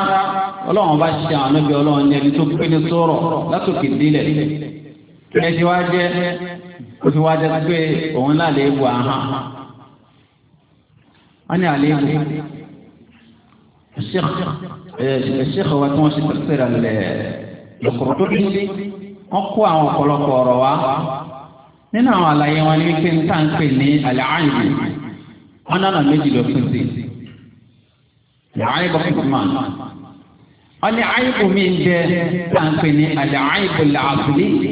ọlọ́wọ́n bá ṣe àwọn ọlọ́bẹ̀ ọlọ́wọ́n ní ẹni tó pé ní sọ̀rọ̀ látòkè délẹ̀ ẹ ti wá jẹ́ ó ti wá jẹ́ pé àhán wọ́n ní àléébù ṣèkò wa tí wọ́n ṣe pẹ̀lú ẹ̀ lọ́kọ̀rọ̀ tó dé wọ́n kó àwọn ọ̀pọ̀lọpọ̀ ọ̀rọ̀ wa nínú àwọn àlàyé wọn ní wípé níta ń pè ní àlàáyé wọn nánà méjì lọ fún sí àlàáyé bọ́ fún mi wọn ní ń bẹ níta ń pè ní àlàáyé bọ́ làásùlẹ̀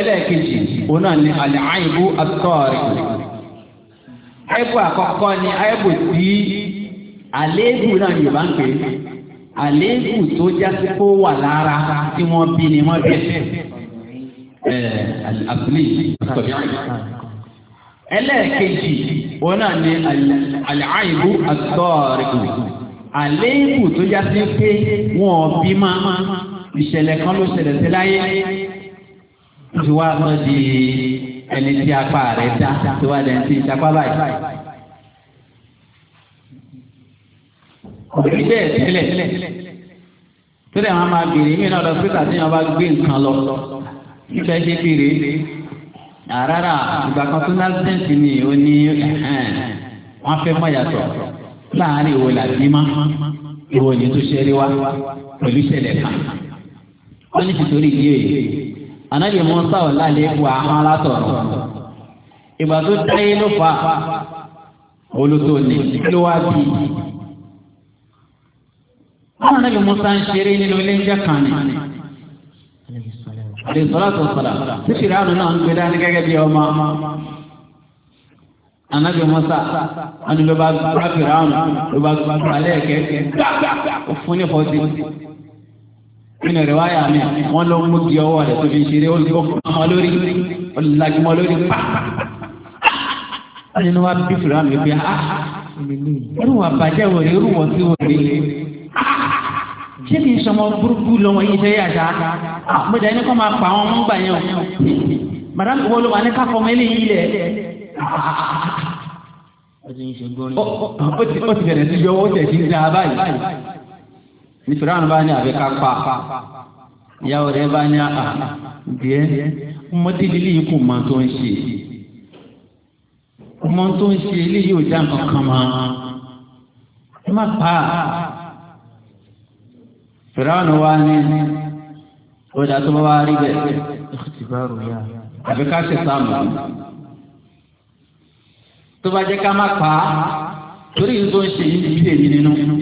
ẹlẹ́ẹ̀kejì òun náà ní àlàáyé bọ́ àìbù àkọ́kọ́ ni àìbù tí àléébù náà Yorùbá ń pè é àléébù tó jásí kó wà lára tí wọ́n bí ni wọ́n bí ẹ̀ àbúlé àtọ̀bí ẹlẹ́ẹ̀kejì wọn náà ni àlàáìbù àtọ̀rìkù àléébù tó jásí pé wọ́n bí máa ìṣẹ̀lẹ̀ kan ló ṣẹlẹ̀ sí láyé ó fi wá sọ di ẹni tí apá rẹ̀ dá tó wá dẹ̀ ń tí ìsapá báyìí. òbí bẹ́ẹ̀ tẹ́lẹ̀ tẹ́lẹ̀ wọn máa bèrè mí náà lọ sí tàbí wọn bá gbé nǹkan lọ nígbà ṣe bèrè àràrà ìgbà kan tó lásìtẹ́ǹtì ni ó ní wọ́n fẹ́ mọ̀ yàtọ̀ láàárín ìwò làbímá ìwò ní tó ṣe rí wá pẹ̀lú ìṣẹ̀lẹ̀ kan wọ́n ní tìtorí ìdí èyí anábì Mùsá ò lálẹ́ ipò àwọn alátọ̀rọ̀ ìgbà tó dáyé ló fa olùtò ní ló wá bí i àwọn anábì Mùsá ń ṣeré nínú ilé ń jẹ́ kan ní àdìsọ́látọ̀ sọ̀rọ̀ tí fìrí àánú náà ń gbé dání gẹ́gẹ́ bí ọmọ anábì Mùsá wọn ni ló bá fìrí àánú ló bá gbalẹ̀ kẹ́kẹ́ ó fún ní fọ́tí nínú ìrẹ̀wáyà mi wọ́n lọ mú di ọwọ́ rẹ̀ tó fi ṣeré ó fọmọ lórí ọ̀làjùmọ lórí pa. nínú wa bí fúra mi bí a irú wa bàjẹ́ wò rí irú wọ́n sí wò rí ṣé kì í sọmọ burúkú lọ́wọ́ yìí ṣe yàtá ah, mo jẹ́ ní máa pa àwọn ọmọ gbà yẹn o madam wo ló wà ní káfọ́ mẹ́lẹ̀ yìí lẹ̀ ah, ah, ó ti bẹ̀rẹ̀ sí yọ owó ní abáyé nítorí àwọn bá ní àbíká pa ìyàwó rẹ̀ bá ní àà díẹ̀ mọ́tìlélì yìí kò mọ tó ń ṣe mọ tó ń ṣe eléyìí ò já nǹkan kan mọ́ ẹ má pa fìràn wa ní ọjà tó bá wá rí bẹ́ẹ̀ àbíká ṣe sáà tó bá jẹ́ ká má pa á torí nǹkan ṣe yìí ti dè mí nínú.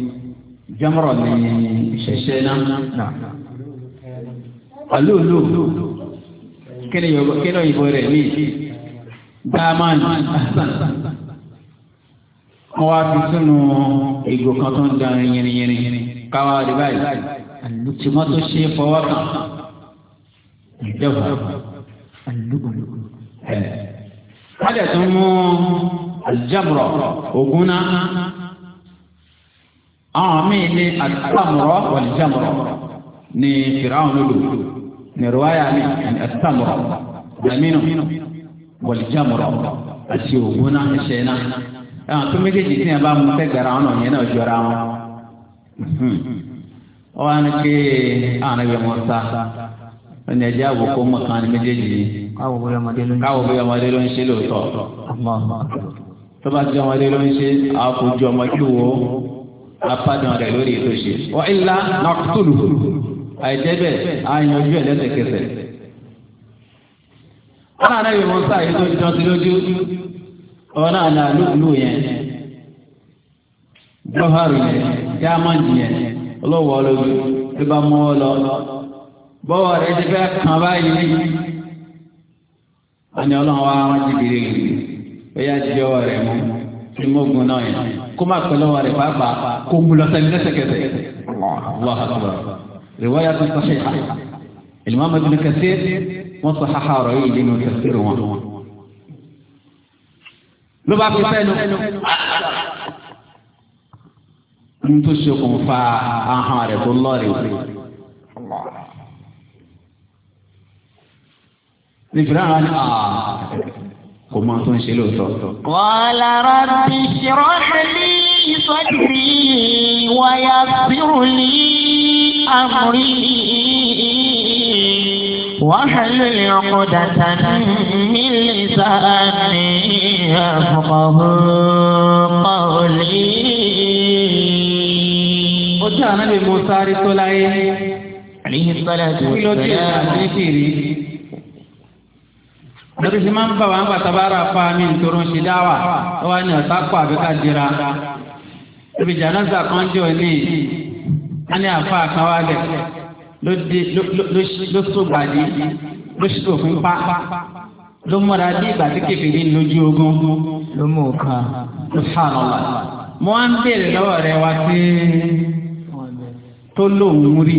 jamrọ ni ìṣẹṣẹ náà alóòlò kíni òyìnbó rẹ ní dáàmán wọn wá fi sínú ìgò kan tó ń da yìnyínyìn káwá rí báyìí tìmọ́tò ṣe fọwọ́ kan ìjọba alóòlò ẹ̀ wọ́n dẹ̀ mú aljamrọ ògúnná àwọn míì ní àtàmùrọ̀ wàlìjàmùrọ̀ ní fìràwọn lòlò ní rúwáyà ní àtàmùrọ̀ jàmínú wàlìjàmùrọ̀ àti ògùn náà ẹ̀ṣẹ̀ náà ẹ̀wọ̀n tó méjèèjì tí yẹn bá mú fẹ́ gara wọn yẹn náà jọra wọn. ọwọ́ ni pé àwọn ẹgbẹ́ wọn sá ẹni ẹjẹ́ àwòkọ́ mọ̀ ní méjèèjì yìí káwọ bóyá ọmọdé ló ń ṣe lóòótọ́ tó bá ti ọmọdé ló ń ṣe àkójọ ọmọdé wo. apádùn rẹ̀ lórí ètò ṣe. wọ́n ilá nàkútùlù àìjẹ́bẹ̀ àyànjú ẹ̀ lẹ́sẹ̀kẹsẹ̀. wọ́n náà rẹ̀ wọ́n sáà yìí tó jọ sí lójú wọ́n náà nà lùlù yẹn jọ́hárù yẹn jámánì yẹn olówó olójú bí bá mú ọ lọ bọ́wọ́ rẹ̀ ti fẹ́ kàn báyìí wọ́n ní ọlọ́run wá wọ́n ó yá jọ́wọ́ rẹ̀ mú. ni mo gun náà yẹn kó má pẹ́ lọ́wọ́ rẹ̀ pàápàá kó mu lọ sẹ́ni lẹ́sẹ̀kẹsẹ̀. allah akbar riwaya tó sọ̀hìn ha ìlúmọ̀ ibn Kathir wọ́n sọ haha ọ̀rọ̀ yìí nínú tafsir wọn. ló bá fi fẹ́ nu n tó ṣokùnfà ahọ́n rẹ̀ tó lọ́ọ̀rì wọlé. ní fìlà hàn ní àà. kò mọ tó ń ṣe lóòótọ́. qala rabbi shrah li sadri wa yassir li amri wahlul 'uqdatan min lisani yafqahu qawli. ó jẹ́ àná lè mú sáré tó láyé. àlìyé sọ́lá ti wọ́n kí ló dé ìlànà lórí fi máa ń bà wá ń pàtàbára fa mi nítorí ń ṣe dáwà tó wá ní ọ̀tá kọ àbíká dira ibi jàǹdà kan jọ ní a ní àfa kan wá lẹ̀ ló sọgbàdì ló sọfún pa ló múra bí ìgbà tí kébìrì lójú ogun ló mú kan ló fà lọ́la mo wá ń béèrè lọ́wọ́ rẹ wá sí tó lóun rí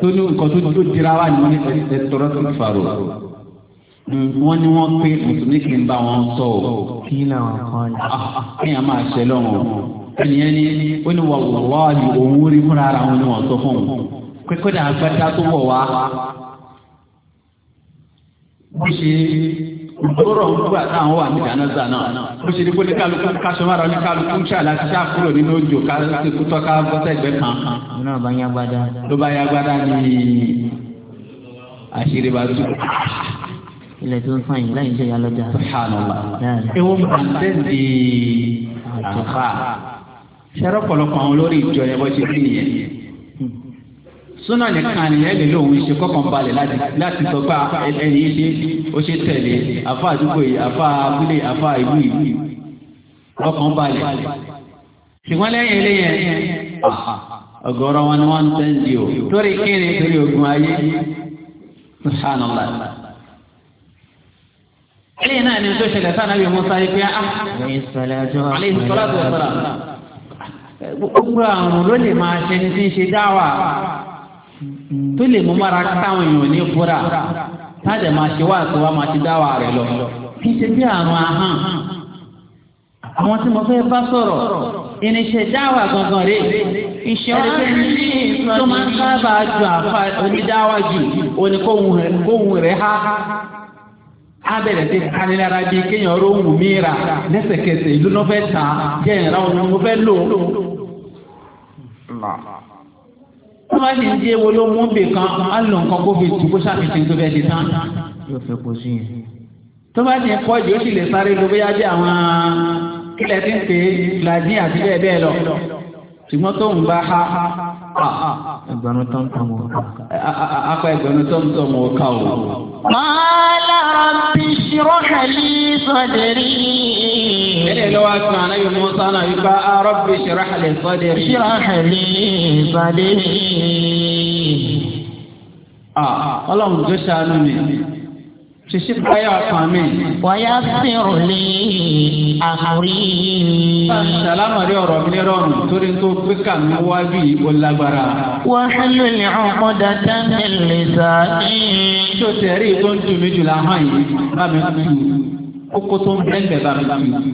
tó ní nǹkan tó dira wá ní ẹ̀tọ́rọ́ tó ń farò. Mm-hmm. wọ́n ní wọ́n pé mùsùlùmí kì í bá wọn sọ o. kí ni àwọn kan ní. Ah, ah, máa ṣe lọ́wọ́ ó ní òun rí fúnra ara wọn wọ́n sọ fún un pẹ́kọ́ ní agbádá tó wọ̀ wá. bó ṣe gbọ́rọ̀ ń táwọn wà náà bó ṣe ní kó ní kálukú káṣọ ní ilẹ̀ tó ń sàn yìí láyé ṣe yálọ́jà. ewu bàtẹ́ di àfa ṣẹ́rọ̀ pọ̀lọpọ̀ àwọn olórí ìjọ yẹn bọ́ ṣe bí nìyẹn. súnà nìkan nìyẹn lè lóun ṣe kọ́kàn balẹ̀ láti sọ pé ẹni ṣe ó ṣe tẹ̀lé àfa àdúgbò yìí àfa abúlé àfa ìlú yìí ọkàn balẹ̀. ṣùgbọ́n lẹ́yìn eléyẹn ọ̀gọ̀rọ̀ wọn ni wọ́n ń tẹ́ ń di o. torí kí ni torí ogun ayé subhanallah. eléyìí náà ni tó ṣẹlẹ̀ sáà nàbí musa yìí pé ah, ah, ah, eh, gbogbo àrùn ló lè máa ṣe ní tí ń ṣe dáwà tó lè mú mara èèyàn ní fúra máa ṣe wá máa ti dáwà lọ ṣe bí àrùn àwọn tí mo fẹ́ bá sọ̀rọ̀ irinṣẹ́ dáwà gangan rè iṣẹ́ tó máa ń ju àfa onídáwà jù rẹ̀ abẹ́rẹ́ ti kanilára bí kéèyàn ró wù mí ra lẹ́sẹ̀kẹsẹ̀ ìlú náà fẹ́ tà jẹ́ ìrà òun mo fẹ́ lò. wọ́n máa ti ń di ewo ló mú bè kan á lò nǹkan kó fi tù kó ṣàfihàn tó fẹ́ di tán. tó bá ti ń pọ̀ jù ó sì lè sáré lọ bóyá bí àwọn kílẹ̀ ti ń pè é làjín àti bẹ́ẹ̀ bẹ́ẹ̀ lọ ṣùgbọ́n tó ń bá ha ha ha ẹgbẹ̀rún tó ń tọ́ mọ̀ ká. apá ẹgbẹ̀rún tó ń tọ́ mọ̀ ká o. Màálà rabbi ṣírọ́kà ní sọ̀dẹ̀rì. Ẹ̀rẹ̀ ló wá àná yóò mú sánà wípé a rabbi ṣírọ́kà lè sọ̀dẹ̀rì. Ṣírọ́kà lè sọ̀dẹ̀rì. Ọlọ́run tó ṣàánú mi, ṣiṣẹ́ báyọ̀ kan Wọ́n yá sí òní àkórí. sàlámàrí ọ̀rọ̀ mi rọrùn torí tó gbé kà mí wájú yìí ó lágbára. wàhálà ni ọkọ dàda mi lè sá. tó tẹ̀rí tó ń dùn mí jù láhàn yìí bá mi tù kókó tó ń bẹ́ẹ̀ bá mi tù.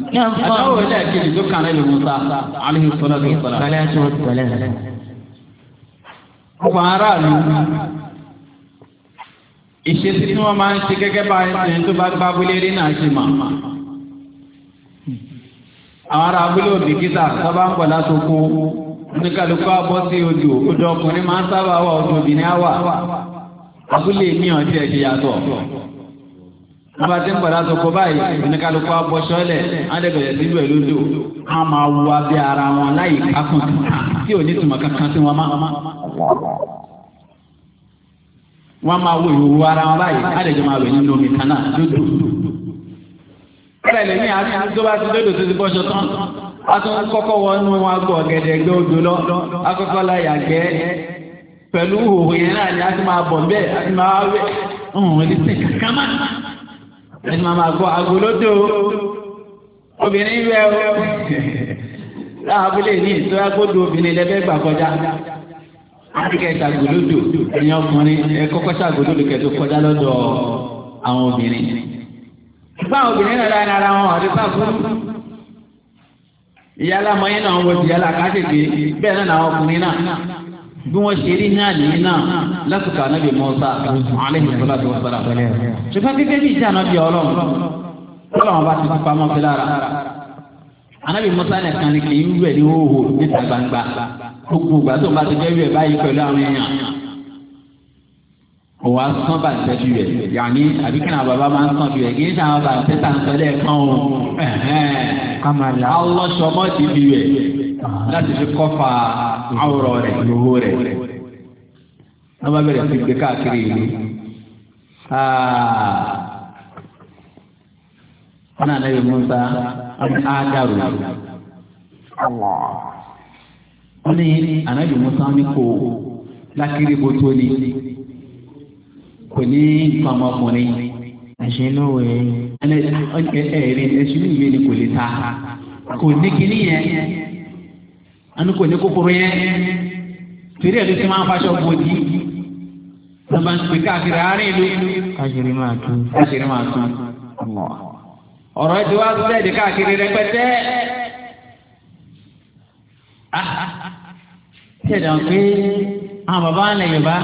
àdáwò ilé ẹ̀kejì tó kàn án lè Musa alayhi salatu wa salam. ọkọ̀ aráàlú ìṣesí tí wọ́n máa ń ṣe gẹ́gẹ́ bá ẹni tó bá gbábúlé rí náà ṣe máa. àwọn ará abúlé òdì gíta sábà ń pọ̀ látòkó oníkàlùkù àbọ̀ sí odò odò ọkùnrin máa ń sábà wà odò obìnrin á wà abúlé mìíràn tiẹ̀ ṣe yàtọ̀ wọ́n bá ti ń pọ̀ látòkó báyìí oníkàlùkù àbọ̀ sọ́lẹ̀ ádẹ́bẹ̀rẹ̀ sí ìlú ìlú a máa wá bí ara wọn láì kákùn tí ò ní bi kankan sí wọn má wọ́n máa wo ìwòwò ara wọn báyìí máa kan náà lódò bẹ́ẹ̀ lè ní àti tó bá ti dọ́dọ̀ tó ti bọ́ṣọ tán a tún kọ́kọ́ wọnú wọn agbọ̀ ọ̀gẹ̀dẹ̀ ẹgbẹ́ odò lọ akọ́kọ́ la yàgbẹ́ pẹ̀lú òhò yẹn náà ni a ti máa bọ̀ bẹ́ẹ̀ a ti máa wẹ̀ ọ̀hún ẹni tẹ̀ kankan má a ti máa gbọ́ agolódò obìnrin rẹ̀ o láàbílẹ̀ ní ìtura gbódò obìnrin lẹ́fẹ́ gbà kọjá àbíkẹ́ ṣàgolódò ẹ̀yin ọkùnrin ẹ̀ kọ́kọ́ ṣàgolódò kẹ́ tó kọjá lọ́dọ̀ àwọn obìnrin ìfá obìnrin náà láyé ara wọn àti sáfún ìyálà mọ́yìn náà wọ́n ti yálà káṣèké bẹ́ẹ̀ náà làwọn ọkùnrin náà bí wọ́n ṣe rí náà nìyí náà lásìkò ànábì Mùsá alayhi salatu wa salam ṣùgbọ́n kíkẹ́ bí ìjà náà bí ọlọ́run ọlọ́run bá ti fi pamọ́ sí lára ànábì Mùsá nìkan ni kì í wẹ̀ ní hóhó níta gbangba gbogbo ìgbà tó bá ti fẹ́ wẹ̀ báyìí pẹ̀lú àwọn èèyàn òun sán bàtẹ́ bí rẹ̀ yàní àbí kí ni bàbá máa ń sàn bí rẹ̀ kì í ṣe àwọn bàtẹ́ tà ń sọlẹ̀ kan o alọ́sọmọ́ ti bí rẹ̀ láti fi kọ́fà àwòrán rẹ̀ lówó rẹ̀ wọ́n bá bẹ̀rẹ̀ sí gbé káàkiri ìlú wọ́n náà pè ní nǹkan ọmọkùnrin. àṣẹ ló wẹ̀ ẹ́. ẹ̀rí ẹ̀sùn ìwé ni kò lè ta kò ní kíní yẹn àánú kò ní kókóró yẹn torí ẹ̀ ló ti máa ń faṣọ bòdì lọ́ba ń pè káàkiri àárín ìlú. káṣírí máa tún. káṣírí máa tún. ọ̀rọ̀ ẹ̀ ti wá sẹ́ẹ̀dì káàkiri rẹpẹtẹ ah, ah, ah. ṣẹ̀dá pé àwọn bàbá ń lẹ̀ yorùbá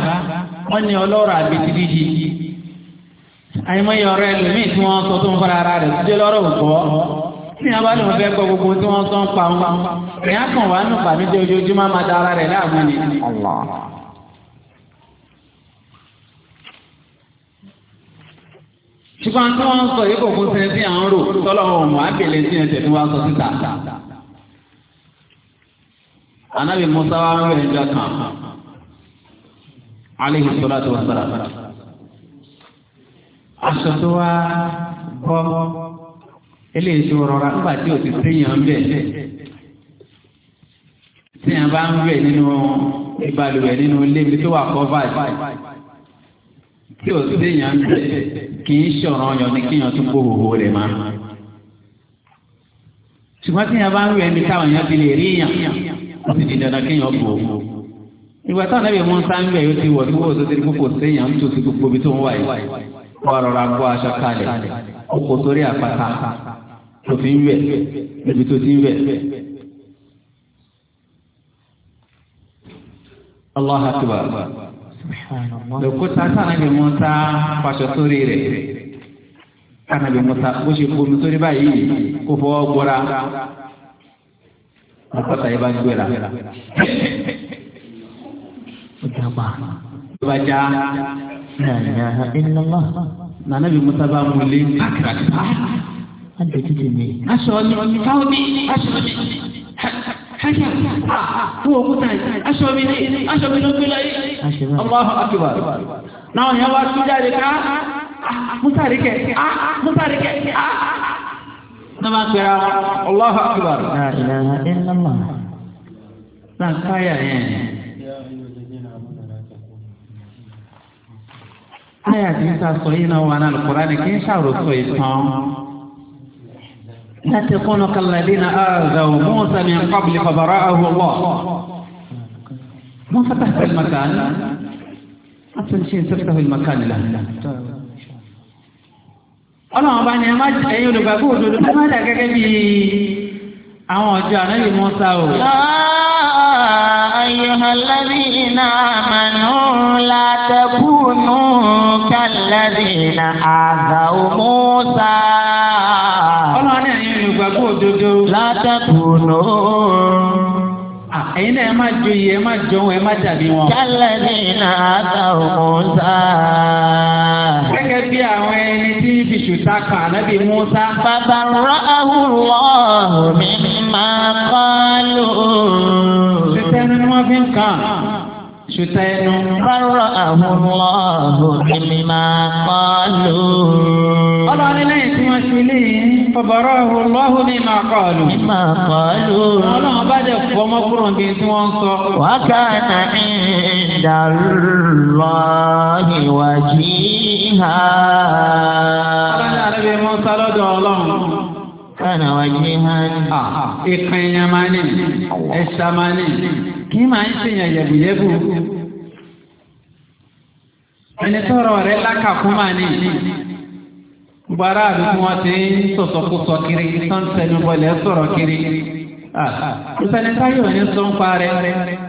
wọ́n ní ọlọ́rọ̀ àbítíbíjì àyìnbáyé ọ̀rẹ́ ẹlòmíì tí wọ́n sọ tó ń fara ara rẹ̀ síjẹ́ lọ́rọ̀ òkọ́ tí a bá lè fẹ́ gbọ́ gbogbo tí wọ́n sọ ń pa wọn ìyá kan wà nù pàmí jẹ́ ojoojúmọ́ máa da ara rẹ̀ láàmú ni. ṣùgbọ́n tí wọ́n sọ yìí kò kún sí ẹtí à ń rò tọ́lọ́wọ́ ọ̀mọ́ sí ẹtẹ̀ tí wọ́n sọ síta. Ànábì Musa wa ń rẹ̀ ẹjọ́ kan. aleyhi salatu wa salam aṣọ tó wá bọ́ eléyìí tó tí o ti séyàn bẹ̀ séyàn bá ń bẹ̀ nínú ìbalùwẹ̀ nínú ilé mi tó wà covered tí o séyàn bẹ̀ kì í ṣọ̀rọ̀ ọyàn ní kíyàn tó gbòòwò rẹ̀ máa ṣùgbọ́n tí yẹn bá ń wẹ̀ mi táwọn yẹn fi lè rí yàn ó sì di dandan kéèyàn bò ó. ìgbà táwọn ẹbí wọn sá ń bẹ̀ yóò ti wọ̀ sí wọ́ọ̀sọ́ tí kò séèyàn tó ti gbogbo ibi tó ń rọra aṣọ sórí àpáta tó fi ń tó ti ń Allah akuba lòkúta sànàbì faṣọ sórí bó ṣe sórí báyìí kó fọwọ́ gbọ́ra ìjàmbá tó bá já ìnáwó nana bí musa bá mú lé kàkàkà. adé títí mi. aṣọ ni káwọn mi aṣọ mi aṣọ mi fún òkúta yìí aṣọ mi ní aṣọ mi ló gbé lọ yìí. Allahu akbar. náà yẹn wá sí jáde ká musa rí kẹ ah, musa rí kẹ ah, ah, nama kpera Allahu akbar. la ilaha illallah. na kaya yẹn. Aya ti ń sàsọ yìí náà wà náà Al-Qur'ani kì í ṣàròsọ ìtàn. Láti kúnnú kàlàdé na àgàwò Mùsà ní Kọ́bìlì Kọ̀bàrà Ahùwọ̀. Wọ́n fẹ́ tàbí màkàn. Wọ́n tún ṣe ìṣẹ́ tàbí màkàn nílá. Ọlọ́run bá ní ẹ̀yin olùgbàgbọ́ òdodo tó máa dà gẹ́gẹ́ bí àwọn ọjọ́ ànábì Mùsà o. Ayọ̀hàn lábí iná àmàlú látẹ̀kùnú. lẹ́yìnà àgàwò Mùsà. Ọlọ́run ní ẹ̀yin olùgbàgbọ́ òdodo. Látàkùnú. Ẹ̀yin náà ẹ má joyè, ẹ má jọun, ẹ má dàbí wọn. Kálẹ̀ nínú àgàwò Mùsà. Gẹ́gẹ́ bí àwọn ẹni tí fi ṣùtà kan ànábì Mùsà. Bàbá rọ àwùrọ̀ mi máa kọ́ lò. Ṣé tẹ́nu ni wọ́n fi ń kàn? ṣùtẹ́ ẹnu. rárá àwọn ọlọ́run ni mi máa pa lò. ọlọ́run lẹ́yìn tí wọ́n ṣe lè fọ̀bọ̀rọ̀ ọlọ́run ni máa pa lò. ni máa pa lò. ọlọ́run bá jẹ́ fọmọ kúrò bí tí wọ́n ń sọ. wákà náà ń dàrú lọ́ọ̀hìn wájú ìhà. ọlọ́run àrẹ́bí mọ́sá lọ́dọ̀ ọlọ́run kana wajihan. ìkànnì yamani ẹ̀ṣamani kì í máa ń ṣèyàn yẹ̀bùyẹ̀bù ẹni tọrọ rẹ lákàkún máa ní gbogbo ará àdúgbò wọn ti ń sọ̀sọ̀kúsọ kiri sọ́ńtẹ̀nubọ̀lẹ̀ sọ̀rọ̀ kiri ah, ìfẹ̀nẹ́tayé ò ní sọ ń parẹ́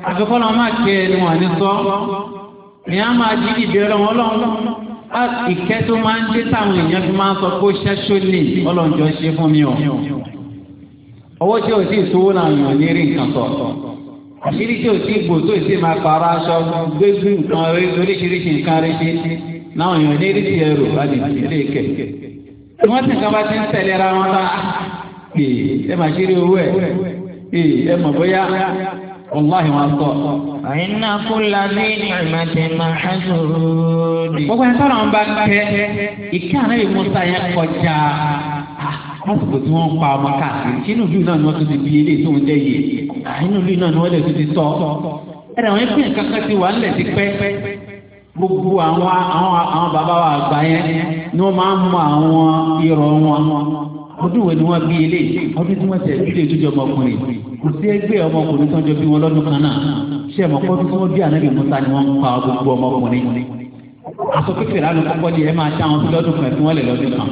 àfikọ́nà máa kí ẹni wọ̀n ní sọ ní a máa jí ìdí ọlọ́run ọlọ́run ìkẹ́ tó máa ń dé táwọn èèyàn fi máa ń sọ pé ṣẹ́ṣó lè ọlọ́njọ́ ṣe fún mi ọ̀ ọwọ́ tí ò sí ìṣòwò làwọn èèyàn ní rí nǹkan sọ̀tọ̀ oríṣiríṣi òsì ìgbò tó ìsì máa pààrọ̀ aṣọ gbégbé nǹkan oríṣiríṣi nǹkan ríṣi náà yàn ní ríṣi ẹrù bá lè fi ilé kẹ̀. tí wọ́n ti nǹkan bá ti ń tẹ̀lé ara wọn bá ẹ ẹ máa ṣe rí owó ẹ ẹ mọ̀ bóyá wàláhì wọn kọ. àyínná kúlá ní ìmọ̀tẹ́ máa ṣàṣòro dì. gbogbo ẹni tọ́lọ̀ ń bá kẹ́ ìkẹ́ àná yìí musa yẹn kọjá ah, lásìkò tí wọ́n ń pa ọmọ káàkiri kí inú náà ni wọ́n tún ti fi ilé tó jẹ́ yìí àìnú ìlú náà ni wọ́n lè ti ti sọ ẹ̀rẹ̀ àwọn ẹgbẹ́ kankan ti wà nílẹ̀ ti pẹ́ gbogbo àwọn àwọn àwọn bàbá wa àgbà yẹn ni wọ́n máa ń mọ àwọn irọ́ wọn ọdún wo ni wọ́n bí ilé ọdún tí wọ́n tẹ̀ ilé ìtújọ ọmọkùnrin kò sí ẹgbẹ́ ọmọkùnrin tó ń jọ bí wọn lọ́dún kan náà ṣé ẹ̀ mọ̀kọ́ tí wọ́n bí ànábì Musa ni wọ́n ń pa gbogbo ọmọkùnrin aṣọ pípẹ́ lánàá kọ́kọ́ di ẹ máa ṣe àwọn tí lọ́dún kan tí wọ́n lè lọ́dún kan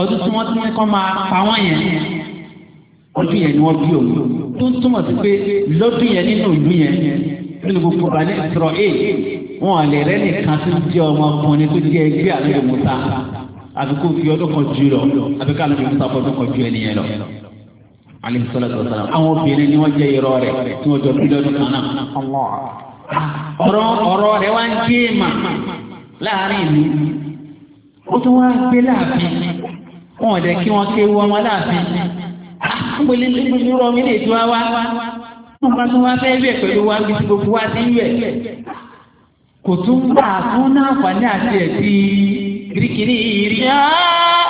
ọdún tí wọ́n tí wọ́n kọ́ máa pa wọ́n yẹn ọdún yẹn ni wọ́n bí òun tó ń túmọ̀ sí pé lọ́dún yẹn nínú ìlú yẹn nínú gbogbo bani sọ̀rọ̀ èè wọn à lè rẹ́ nìkan tó jẹ́ ọmọkùnrin tó jẹ́ ẹgbẹ́ àlejò musa àbí kò fi ọdún kan ju lọ àbí àlejò musa fọdún kan ju ẹnìyẹn lọ. àwọn obìnrin ni wọ́n jẹ́ irọ́ rẹ̀ tí wọ́n jọ bí lọ́dún kan náà. ọ̀rọ̀ ọ̀rọ̀ rẹ̀ wá ń gé mà láàrin ìlú ó tún wá gbé láàfin wọn ò dẹ̀ kí wọ́n ké wọ́n wá láàfin àpèlè níbi rọ mi lè tí wá wá wọn bá tún wá fẹ́ wẹ̀ pẹ̀lú wá bí gbogbo wá sí wẹ̀ kò tún gbà fún àǹfààní àti ẹ̀sí kirikiri rí. yá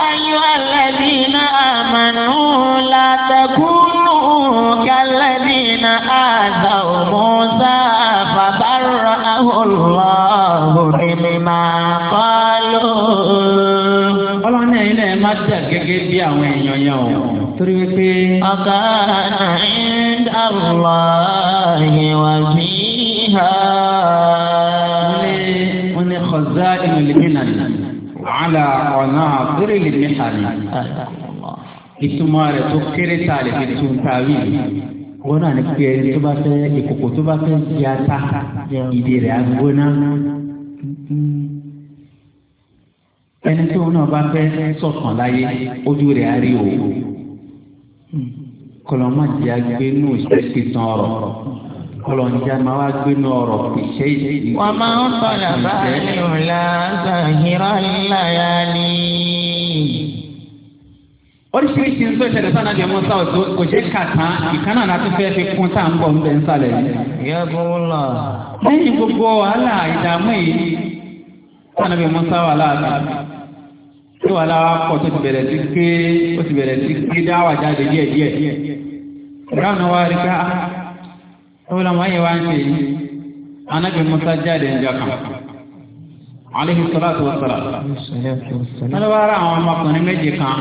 ayọ́ alẹ́bí náà àmàlà ń la tẹ̀kúnú kálẹ́bí náà àgbà òmùsà fàbárà àhùlọ́ òmìnira kọ́lù. ọlọ́run ẹ̀yin náà má dà gẹ́gẹ́ bí àwọn èèyàn yẹn o torí wípé. ọ̀gá ìdàlọ́ ìwà bí ha. wọ́n ní kọ̀zá inú lèmínà wàhálà ọ̀nà àbúrò lèmínà ni. ìtumọ̀ rẹ̀ tó kéré tá a lè fi tún tàwí wọn náà ní pé ẹni tó bá fẹ́ ìkòkò tó bá fẹ́ di ata ìdè rẹ̀ agbóná ẹni tó náà bá fẹ́ sọkàn láyé ojú rẹ̀ á rí òwò. kọlọmọ jẹ agbẹnú tán máa wá máa ń báyìí ni. oríṣiríṣi ń ìṣẹ̀lẹ̀ sáwọ́ tó kò ṣe kà tán ìkànnà náà tó fi kún tá à ń bọ̀ ń bẹ̀ ń sàlẹ̀ yìí. gbogbo lọ. lẹ́yìn gbogbo wàhálà ìdààmú yìí sọ́nà bí tí wọn lára pọ̀ tó ti bẹ̀rẹ̀ sí ké ó ti bẹ̀rẹ̀ sí ké dáwà jáde díẹ̀ díẹ̀ ìdáhùn náà wá rí ká ó làwọn yẹn wá ń ṣe yìí anábì Musa jáde ń jọkàn aleyhi salatu wa salam wọn wá rà àwọn ọmọkùnrin méje kan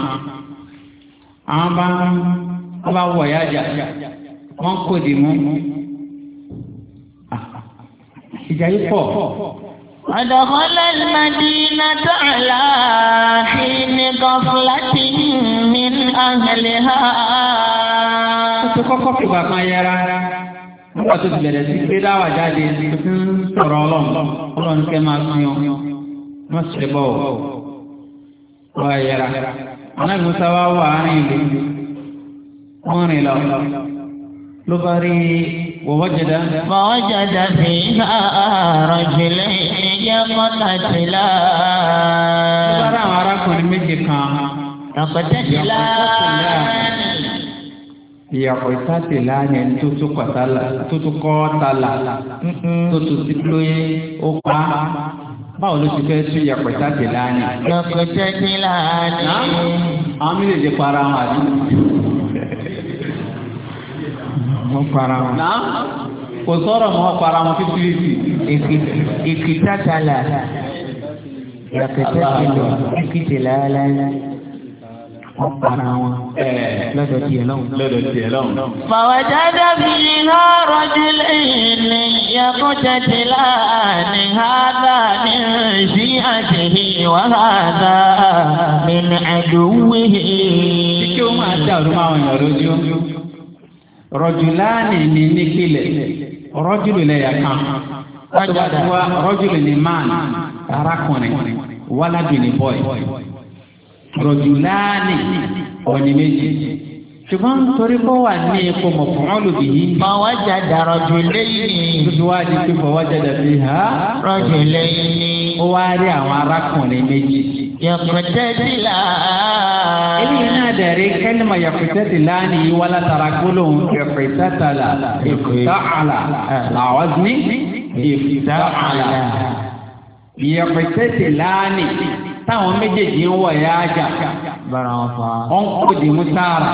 àwọn bá wọn bá wọ jà wọn kò dì mú ah, ìjà yìí pọ̀. ودخل المدينة على حين غفلة من أهلها kọ́kọ́ fìgbà kan yẹra nígbà tó ti bẹ̀rẹ̀ sí pé dáwà jáde sọ̀rọ̀ ọlọ́run ọlọ́run fẹ́ máa fi hàn wọ́n sì bọ̀ wá yẹra anábì musa wá wà á ìlú wọ́n rìn lọ ló bá rí ووجد فوجد فيها رجلين يقتتلان ترى أراكم مجكا يقتتلان yàkọ̀tàtìláàyè tutukọ̀tàlà tutukọ̀tàlà tututikloye ọ̀pá báwo ló ti fẹ́ tún yàkọ̀tàtìláàyè. yàkọ̀tàtìláàyè. àwọn méjèèjì para wọn àbí wọ́n para wọn. kò sọ̀rọ̀ mọ́ para wọn fífi fífi. èkìtà tala yàtọ̀tà kìlọ̀ èkìtì làálàá wọ́n para wọn. lọ́dọ̀ tiẹ̀ lọ́hùn. lọ́dọ̀ tiẹ̀ lọ́hùn. fàwọ̀jáde bíi hàrọ̀ jílẹ̀ ní yàtọ̀tà tìlà ní hàdà ní ṣí àṣehì wàhálà ní àdúwìhì. kíkẹ́ wọn máa dàrú máa wọn yàn lójú rọjùláàni ni nípìlẹ̀ rọjùlù lẹ́yà kan wájú wa rọjùlù ni man arákùnrin wàlábìnrin bọ́ì rọjùláàni ọ̀nì méjì ṣùgbọ́n torí kó wà ní ipò mọ̀fọ́nlù bìí. mọ̀wájà dàrọ̀ jù lẹ́yìn. tuntun wá di pé mọ̀wájà dàbí ha. rọ̀jù ó wá rí àwọn arákùnrin méjì. yàkùtẹ́tìlá. eléyìí náà dẹ̀rẹ̀ kẹ́lìmọ̀ yàkùtẹ́tìlá ni wàlá tara gbólóhùn yàkùtẹ́tàlá ìfúdáàlà làwọ́sí ìfúdáàlà yàkùtẹ́tìlá ni táwọn méjèèjì ń wọ̀ yá àjà. bàrà wọn fa. wọn kò dì mú sára.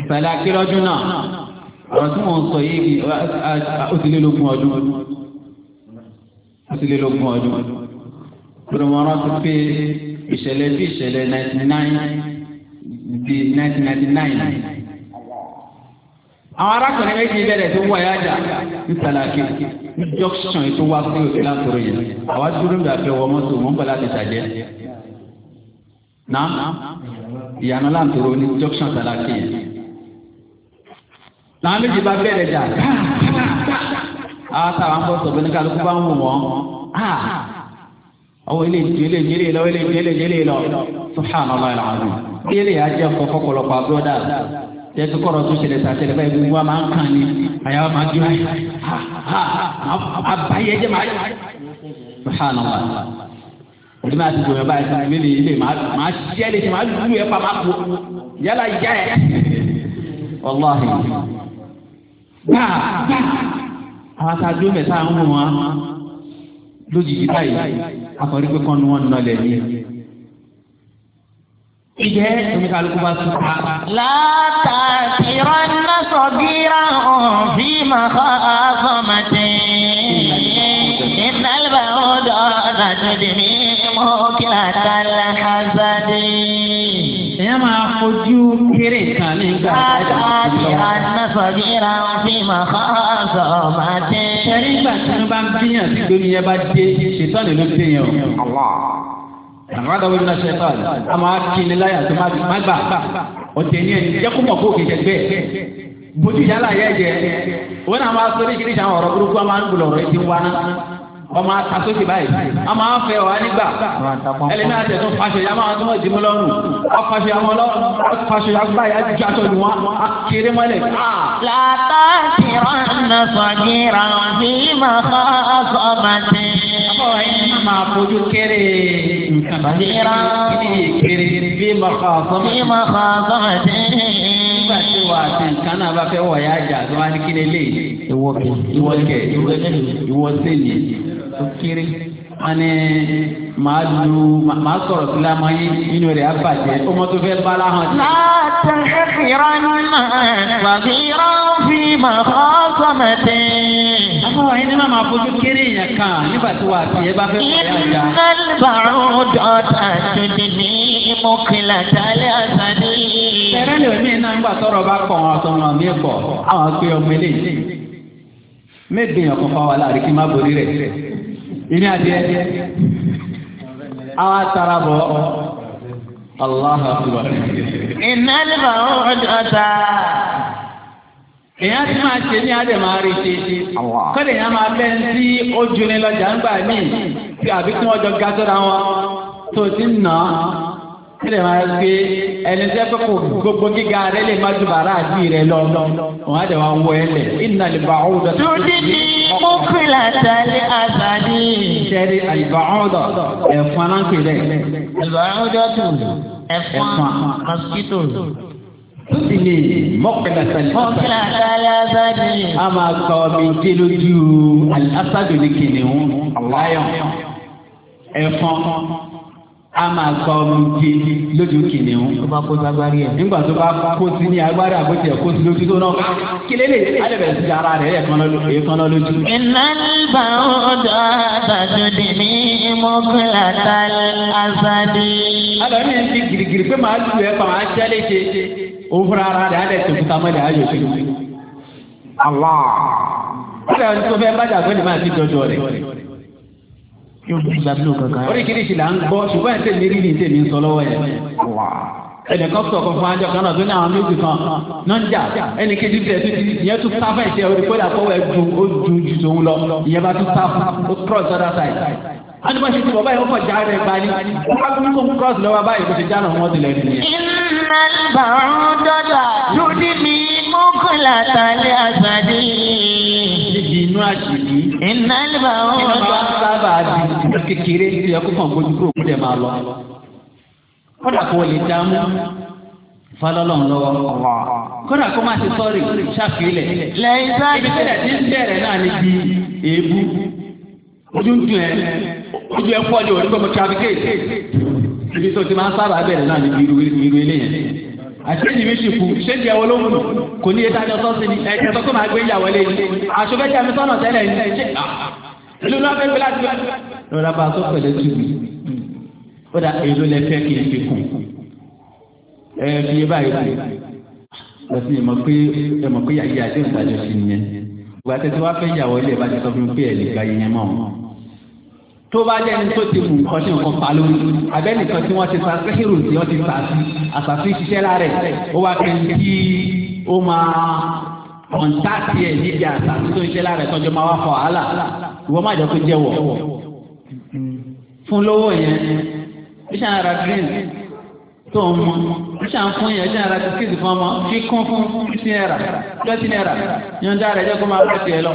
ìsàlẹ̀ akérọ́dún náà ọ̀rọ̀ tí wọ́n sọ yìí ó ti lé lógún ọdún ó ti lé lógún ọdún gbọdọ̀mọ́rán ti pé ìṣẹ̀lẹ̀ bí ìṣẹ̀lẹ̀ ninety nine di nineteen ninety nine àwọn arákùnrin méjì bẹ̀rẹ̀ tó wọ̀ yájà ní sàlàkì ní junction tó wá sí òkè látòrò yẹn àwa dúró bí àfẹ́ wọ mọ́tò mọ́ bọ́lá ti tàjẹ́ náà ìyànà látòrò ní junction sàlàkì yẹn làwọn méjì bá bẹ̀rẹ̀ jà àtà [laughs] àwọn bọ̀ sọ̀bẹ̀ ní kálukú bá ń wù wọ́n ọwọ́ ilé ìjì ilé ìjì lọ ilé ìjì ilé ìjì ilé lọ subhanallah alazim ilé yà jẹ́ ọ̀pọ̀ abúlọ́dà jẹ́ kọ̀rọ̀ tó ṣẹlẹ̀ sàṣẹlẹ̀ báyìí gbogbo wa máa ń kàn ní àyà wa máa dúró yìí àbáyé jẹ́ máa subhanallah máa ti jọ yọba ẹsẹ mi lè ilé máa ṣiṣẹ́ lè ṣe máa lù ú yẹ pa máa kú yálà ìjà ẹ̀ wallahi gbáà àwọn aṣáájú mẹ́ta ń wò wọn lójijì báyìí akọrí pé kọ́nu wọn nọlẹ̀ ní. Ìjẹ́ oníkàlùkù bá tún pa. Láta iná sọ bíra hàn bí màkà àfọ̀mọ̀tì. Ìnálùbà ó ọ̀dà tó dì mí mú kí àtàlà ká sáde fojú kéré nǹkan ní ìgbà àti àti fi máa kọ́ ọ̀sọ̀ máa tẹ́. sẹ́rí ìgbà tí wọ́n bá ń bíyàn sí lórí yẹn bá dé ṣètò àlè ló ń bíyàn o. àwọn àdàwọ̀ ìbílẹ̀ ṣẹ̀tọ́ àlè a máa kí ni láyà tó má gbà ọ̀tẹ̀ ní ẹni jẹ́ kó mọ̀ kó kìí jẹgbẹ́ bójú yálà yẹ jẹ wọn náà máa sọ ọmọ atasókè báyìí a máa ń fẹ́ wà nígbà ẹlẹ́mí àtẹ̀tún fàṣẹyà máa tún ọ̀dì mú lọ́rùn ọ̀fàṣẹyà mọ́ lọ́rùn ọ̀fàṣẹyà báyìí àti jàtọ̀ ni wọ́n á kéré mọ́lẹ̀. làtà ọ̀nà sọ̀gìrà bí màá sọ màtí. ọ̀ máa fojú kéré nǹkan bá yẹra kéré bí màá sọ nígbà tí wà á ti nǹkan bá fẹ́ wọ̀ yá jà tó wá ní kí tó kéré wọn ni màá lu màá sọ̀rọ̀ sí lámọ́ yín nínú rẹ̀ àbàjẹ́ ó mọ tó fẹ́ bala hàn. láti ẹ̀kìrọ̀ náà fàbírọ̀ fi máa kọ́ sọ́mẹ̀tì. àwọn ẹni máa máa fojú kéré èèyàn kan nígbà tí wàá tiẹ̀ bá fẹ́ pọ̀ yá ìyá. ìnàlbàrú dọ́tà tòdì ní ìmọ̀kìlá tálẹ́ àtàdé. tẹ̀rẹ́ lèmi náà ń gbà tọrọ bá pọ̀ wọn sọ̀rọ̀ mi pọ̀ àwọn gbé ọmọ eléyìí. mẹ́gbẹ̀ẹ́ ọkọ̀ fáwọn aláàrí kí n má borí rẹ̀ ìní adìẹ àwọn atara bọ̀ ọ́ Allahu Akbar. iná lè bá wọn dọ̀tà. èèyàn ti máa ṣe ní adé máa rí ṣe kọ́lẹ̀ èèyàn máa bẹ́ ń sí ojú ni lọ́jà ń gbà mí àbí tí wọ́n jọ ga sọ́ra wọn tó ti ń nà kí lè máa gbé ẹni tẹ́ pé kò gbogbo gíga rẹ lè má ju bàrà àti rẹ lọ wọn á dẹ̀ wá wọ ẹ lẹ̀ iná lè bá ọ̀dọ̀ tó ti di mọ́kìlá tẹ́lẹ̀ àtàdé. sẹ́rí àlùbá ọ̀dọ̀ ẹ̀fọn aláǹkì rẹ̀. àlùbá ọ̀dọ̀ tó ẹ̀fọn mosquito. tó ti di mọ́kìlá tẹ́lẹ̀ àtàdé. mọ́kìlá tẹ́lẹ̀ àtàdé. a máa kọ́ mi dé lójú alásàdùn ní kìnìún ẹ̀fọn a máa gba ọmọ ike lójú kìnìún. tó bá kó sagbari ẹ. nígbà tó bá kó sí ní agbára àgbẹ̀tẹ̀ kó sí lójú tó náà. kílélè alẹ́bẹ̀ sí ara rẹ̀ èèkan náà lójú. iná bá ọ̀dọ́ àbàdùdì ní ìmọ̀kúnlá tálẹ̀ azadé. alọ́ni ń di girigiri pé màá lu ẹ̀ pa màá jálè ṣe. òun fúnra ara rẹ̀ alẹ́ tòkúta mọ́lẹ̀ ayò tó. Allah. ó lẹ́yìn tó fẹ́ bá dàgbẹ́ ni máa ti dọ́jọ́ rẹ̀ yóò bí gbàgbé oríṣiríṣi là ń gbọ́ ṣùgbọ́n ẹ̀sẹ̀ mi rí ni ìṣe mi ń sọ lọ́wọ́ yẹn. ẹnì kan sọ̀kọ̀ fún ajọ kan náà tó ní àwọn méjì kan náà ń jà ẹnì kejì tẹ̀ tó ti ìyẹn tún sáfà ìṣe orí kódà kó wẹ̀ ju ó ju ju tòun lọ ìyẹn bá tún sáfà ó cross other side. a ti bọ̀ báyìí ó kọ̀ já rẹ̀ gbani ó bá tún kún cross lọ́wọ́ báyìí kò ṣe já náà wọ́n ti lẹ̀ nìyẹn. iná yìí. iná ìbá wọn bá sábà di kékeré ní ẹkú kan bójú kúrò kúlẹ̀ máa lọ. kódà kó o lè dáhùn fọlọ́lọ́ lọ́wọ́. kódà kó má ti sọ́ọ̀rì ṣàfilẹ̀. lẹ́yìn sáà ibi tẹ́lẹ̀ tí ń bẹ̀rẹ̀ náà ni bí èébú. ojú ń dùn ẹ́ ojú ẹ pọ́ọ̀lù onígbọ̀mọ̀ traffic ibi tó ti máa ń sábà bẹ̀rẹ̀ náà ni bí irú eléyẹn àṣejì méjì kù ṣéjì ẹwọ ló kù kò ní ètò àjọ sọ́ọ̀sì ni ẹ̀jẹ̀ tó kó máa gbé ìyàwó lé aṣọ fẹ́ jẹ́ àmì sọ́nà tẹ́lẹ̀ ní ṣe ah, ah. ìlú náà fẹ́ gbé láti gbé. lọ́la bá a tó pẹ̀lẹ́ tù mí ó dà èlò lẹ fẹ́ kí n fi kù ẹ fi yé báyìí kù lọ sí ẹmọ pé ẹmọ pé yàyí àti ìtajọ sí nìyẹn ìgbà tẹ́tí wá fẹ́ ìyàwó lé ẹ bá ti sọ fún mi pé ẹ̀ lè gba ìyẹn mọ́ tó bá jẹ́ ẹni tó ti mú nǹkan tí nǹkan pa lórí abẹ́nìkan tí wọ́n ti sa sẹ́hìrò tí wọ́n ti sa sí àsàfin ṣiṣẹ́ láàrẹ̀ ó wá fi kí ó máa kọ̀ǹtáàtì ẹ̀ níbi àsàfin tó ṣiṣẹ́ láàrẹ̀ tọ́jú máa wá fọ wàhálà ìwọ́n má jọ kó jẹ́wọ̀ fún lówó yẹn iṣẹ́ ara green tó ń mọ iṣẹ́ à ń fún yẹn iṣẹ́ ara kìkìsì fún ọmọ kíkún fún fifty naira twenty naira yọ̀ǹda rẹ̀ jẹ́ kó máa bá tiẹ̀ lọ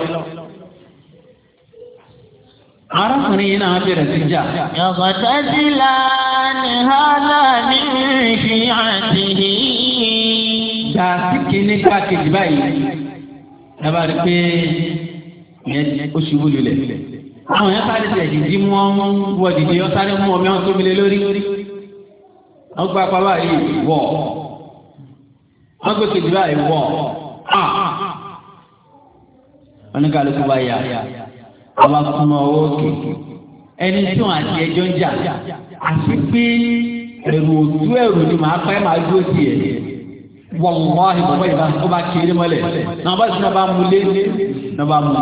arákùnrin yìí náà bẹ̀rẹ̀ sí jà. yọ̀bọ̀tà sí láàánú hálà ní ìfi àti yìí. gbà sí kíní káàkiri báyìí dábàá rí pé ìyẹn ó ṣubú lulẹ̀. àwọn yẹn sáré tẹ̀ dìdí mú ọmọ wọ dìdí yọ sáré mú ọmọ yẹn tó mi lé lórí. wọ́n gba apábá yìí wọ̀ wọ́n gbé kejì báyìí wọ̀ ah. oníkàlùkù bá yà ọba súnmọ́ owó òkè ẹni tí wọn àti ẹjọ́ ń jà àti pé ẹrù òtú ẹrù ni màá pẹ́ màá dúró sí ẹ̀ wọ́n mọ́ ìbọ̀bọ̀ ìbá ó bá kiri mọ́lẹ̀ náà bá sùn náà bá mú lé náà bá mú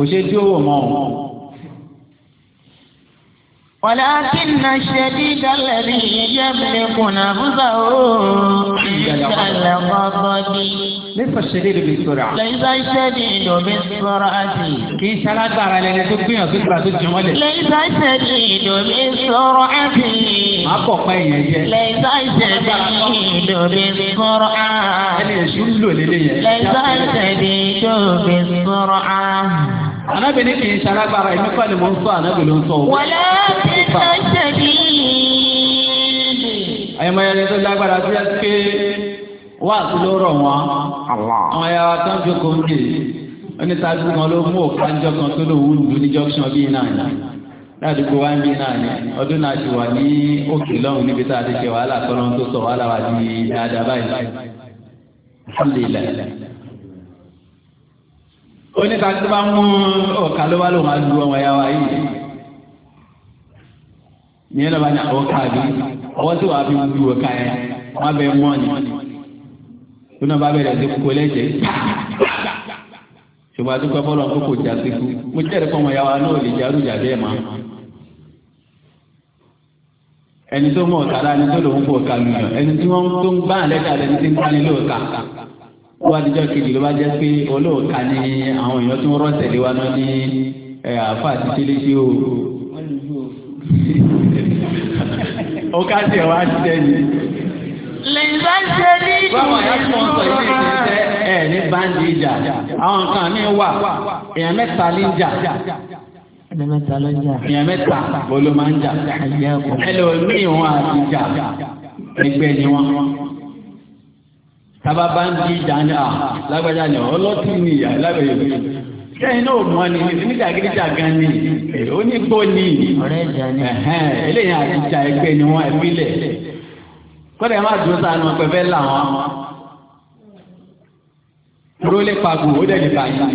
òṣè tí ó wọ̀ mọ́ ọ́n. ولكن الشديد الذي يملك نفسه عند الغضب nípa ṣẹlẹ̀ ìlú ìṣòro à. lẹ́yìnbá ìṣẹ́ni ìdòmí sọ̀rọ̀ àti. kì í ṣalágbára lẹni tó gbìyànjú gbà tó jẹun wọlé. lẹ́yìnbá ìṣẹ́ni ìdòmí sọ̀rọ̀ àti. má pọ̀ pẹ́ ìyẹn jẹ. lẹ́yìnbá ìṣẹ́ni ìdòmí sọ̀rọ̀ à. ẹni èṣù ń lò lélẹ̀ yẹn. lẹ́yìnbá ìṣẹ́ni ìdòmí sọ̀rọ̀ à. anábìnrin kì í ṣalágbára ẹni kọ́ni mò ń sọ anábìnrin sọ òun. tó lágbára tó yẹ wá sí wọn àwọn wa tó ń ń dè ló mú kan tó lòun ń ní junction bíi náà ni ń bíi náà ni ọdún náà ti wà ní òkè lọ́hùn níbi tá a ti ṣe wàhálà kọ́ lọ́hùn tó sọ wàhálà wà ní dáadáa báyìí bá mú yìí ní ní ọwọ́ wàá fi tó náà bá bẹ̀rẹ̀ sí kókó lẹ́jẹ̀ ṣùgbọ́n àdúgbò fọlọ́ kókó jà sí kú mo jẹ́rìí fọmọ yàrá náà lè jarú jà bẹ́ẹ̀ máa ẹni tó mọ̀ ọ̀tá láti tó lòun kó ọ̀tá lùyàn ẹni tí wọ́n tó ń gbá àlẹ́dà lẹni tí ń bá ní lóòótá wọ́n adijọ́ kejì ló bá jẹ́ pé olóòótá ni àwọn èèyàn tó ń rọ́ tẹ̀lé wa náà ní àáfà àti tíléṣí o. ó ká tiẹ̀ wá ṣiṣẹ́ ni lẹ́yìnbá ṣe ní ìlú báwọn àyà tí wọ́n sọ ilé ìgbésẹ̀ ẹ̀ ní báńdì ìjà àwọn kan ní wà èèyàn mẹ́ta ní ìjà èèyàn mẹ́ta ló ń jà èèyàn mẹ́ta bolo máa ń jà ẹlòmíì wọn àti ìjà ẹgbẹ́ ni wọn tábà báńdì ìjà ní à lágbájá ni ọlọ́tí ni ìyá lábẹ́ yòókù sẹ́yìn náà mọ́ ni nígbàgídíjà gan ni onígbó ni ọ̀rẹ́ ìjà eléyìí àti ìjà ẹgbẹ́ ni wọ́n ẹ̀fílẹ̀ kọ́lẹ̀ má dùn sáànù ọ̀pẹ̀ fẹ́ là wọn. Ró lè pagò ó dẹ̀ lè bàjá.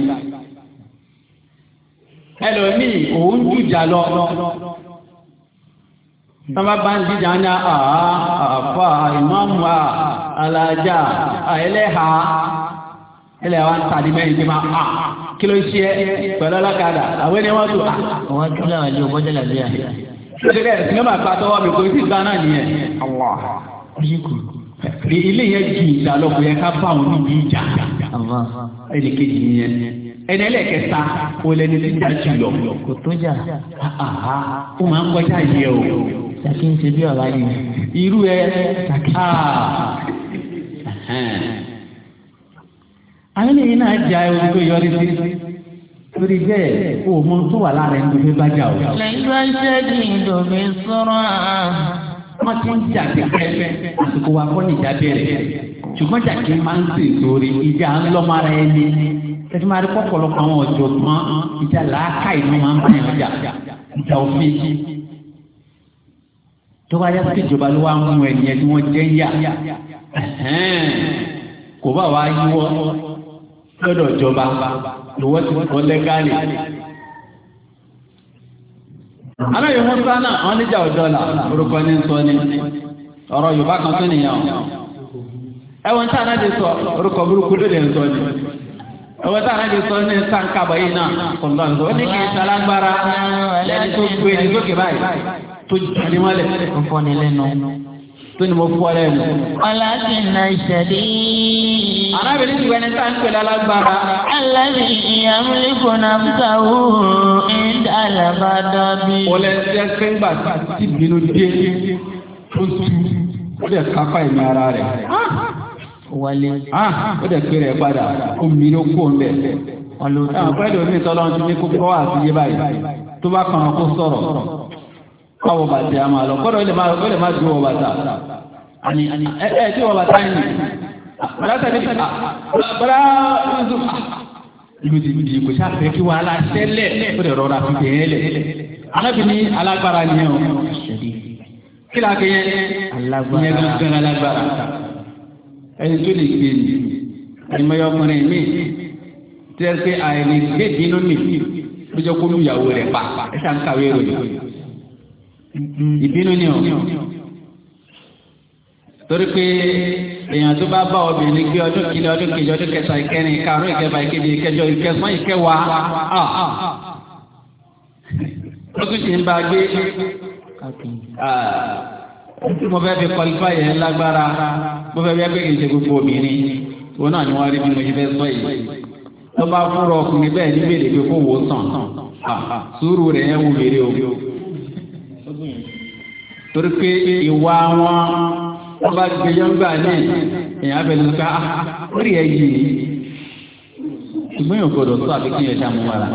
Ẹlòmíì òun jùjà lọ. Sábà bá ń jíjà ní àfà ìmáàmù à alájà ẹlẹ́ha ilẹ̀ wa ń tàdí mẹ́rin tí máa à kí ló ṣe pẹ̀lú ọlọ́kadà àwọn ènìyàn wọ́n tún à. Àwọn akíńlá àjọ bọ́jà làbíyà. Ṣé o ti rẹ̀ sinimá pa tọwọ́ mi kò sí ìgbà náà nìyẹn? Allah yíkù ilé yẹn ju ìjà lọ kò yẹ ká bá wọn níbi ìjà ẹnì kejì yẹn ẹnì ẹlẹ́kẹta kò lẹni tí ìjà jù lọ. kò tó jà ó máa ń kọjá yẹ o. sàkí ń ṣe bí ọ̀la yìí. irú ẹ sàkí. àwọn ènìyàn náà ja ewu tó yọrí sí torí bẹ́ẹ̀ kó o mọ tó wà lára ẹni tó fẹ́ bá jà o. lẹ́yìn bá ṣẹ́gun ìdòmí sọ́rọ̀ àá wọ́n ti ń jà sí pẹ́pẹ́ àsìkò wa kọ́ nìjà bẹ̀rẹ̀ ṣùgbọ́n jà kí n máa ń sè sórí ìjà ńlọ́mọ́ra ẹni ẹtí máa rí pọ̀pọ̀lọpọ̀ àwọn ọ̀jọ̀ kan ìjà làákà ìlú máa ń bá yàn jà ìjà òfin tó bá yá sí ìjọba ló wá ń mú ẹ̀yìn ẹ̀ tí wọ́n jẹ́ yà kò bá wa yíwọ́ lọ́dọ̀ ìjọba lọ́wọ́ ti wọ́n lẹ́gàlì. aláyọ̀ wọn sá náà wọn níjà ọjọ́ là orúkọ ní sọ ni ọ̀rọ̀ yorùbá kan tó nìyẹn o ẹwọn tí anáde sọ orúkọ burúkú ló lè sọ ni ẹwọn tí sọ ní yìí náà salágbára lẹni tó gbé ní lókè báyìí tó ní tó mo ọlá ti na ìṣẹ̀lẹ̀. arábìnrin ti sáà ń pè lálágbára. kò náà ń alábàdàbí. wọlé ẹsẹ kẹgbà tí bínú dé tó tu ó lè kápá ẹ̀mí ara rẹ̀. wọlé. ó lè pèrè padà ó mìíràn kó ń bẹ̀. ọlọ́dún. ẹ̀ ọ̀pẹ́ lómi tọ́lọ́ ti ní kó bọ́ àti yé báyìí tó bá kàn án kó sọ̀rọ̀ káwọ̀ bàtẹ́ àmà lọ kọ́dọ̀ ó lè má ju wọ bàtà. ẹ ẹ tí wọ bàtà yìí. bàtà ní bàtà ní lùdìdì kò sáfẹ́ kí wàhálà tẹ́lẹ̀ ó lè rọra fi tẹ̀ ẹ́ lẹ̀. alábìíní alágbára ni ẹ̀ o kí la kẹ́ yẹn ìyẹn gangan alágbára ẹni tó lè gbé ni ẹnìmọ́yọ́ ọkùnrin mi tẹ́ pé àìní gbé dínú mi ló jẹ́ kó lùyàwó rẹ̀ pa ẹ̀ṣà ń kàwé rẹ̀ ìbínú ni o torí pé èèyàn tó bá bá obìnrin gbé ọdún kìíní ọdún kejì ọdún kẹta ìkẹrin ìkarùn ìkẹfà ìkeje ìkẹjọ ìkẹsàn ìkẹwàá ah, ah. ó tún ṣe ń bá gbé ah, mo fẹ́ fi kọlifá yẹn lágbára mo fẹ́ fi ẹgbẹ́ kìí ṣe gbogbo obìnrin òun náà ni wọ́n rí bí mo ṣe fẹ́ sọ yìí tó bá fúnra ọkùnrin bẹ́ẹ̀ ní bèrè pé kó wò ó sàn sùúrù rẹ̀ yẹn wù mí rí o torí pé ìwà wọn wọ́n bá gbé yọ́ngbà ní èèyàn abẹ́lẹ̀ ká ah, ah, ah, orí ẹ̀ yìí ṣùgbọ́n yóò gbọ́dọ̀ tó àbí kí yẹn dààmú wàrà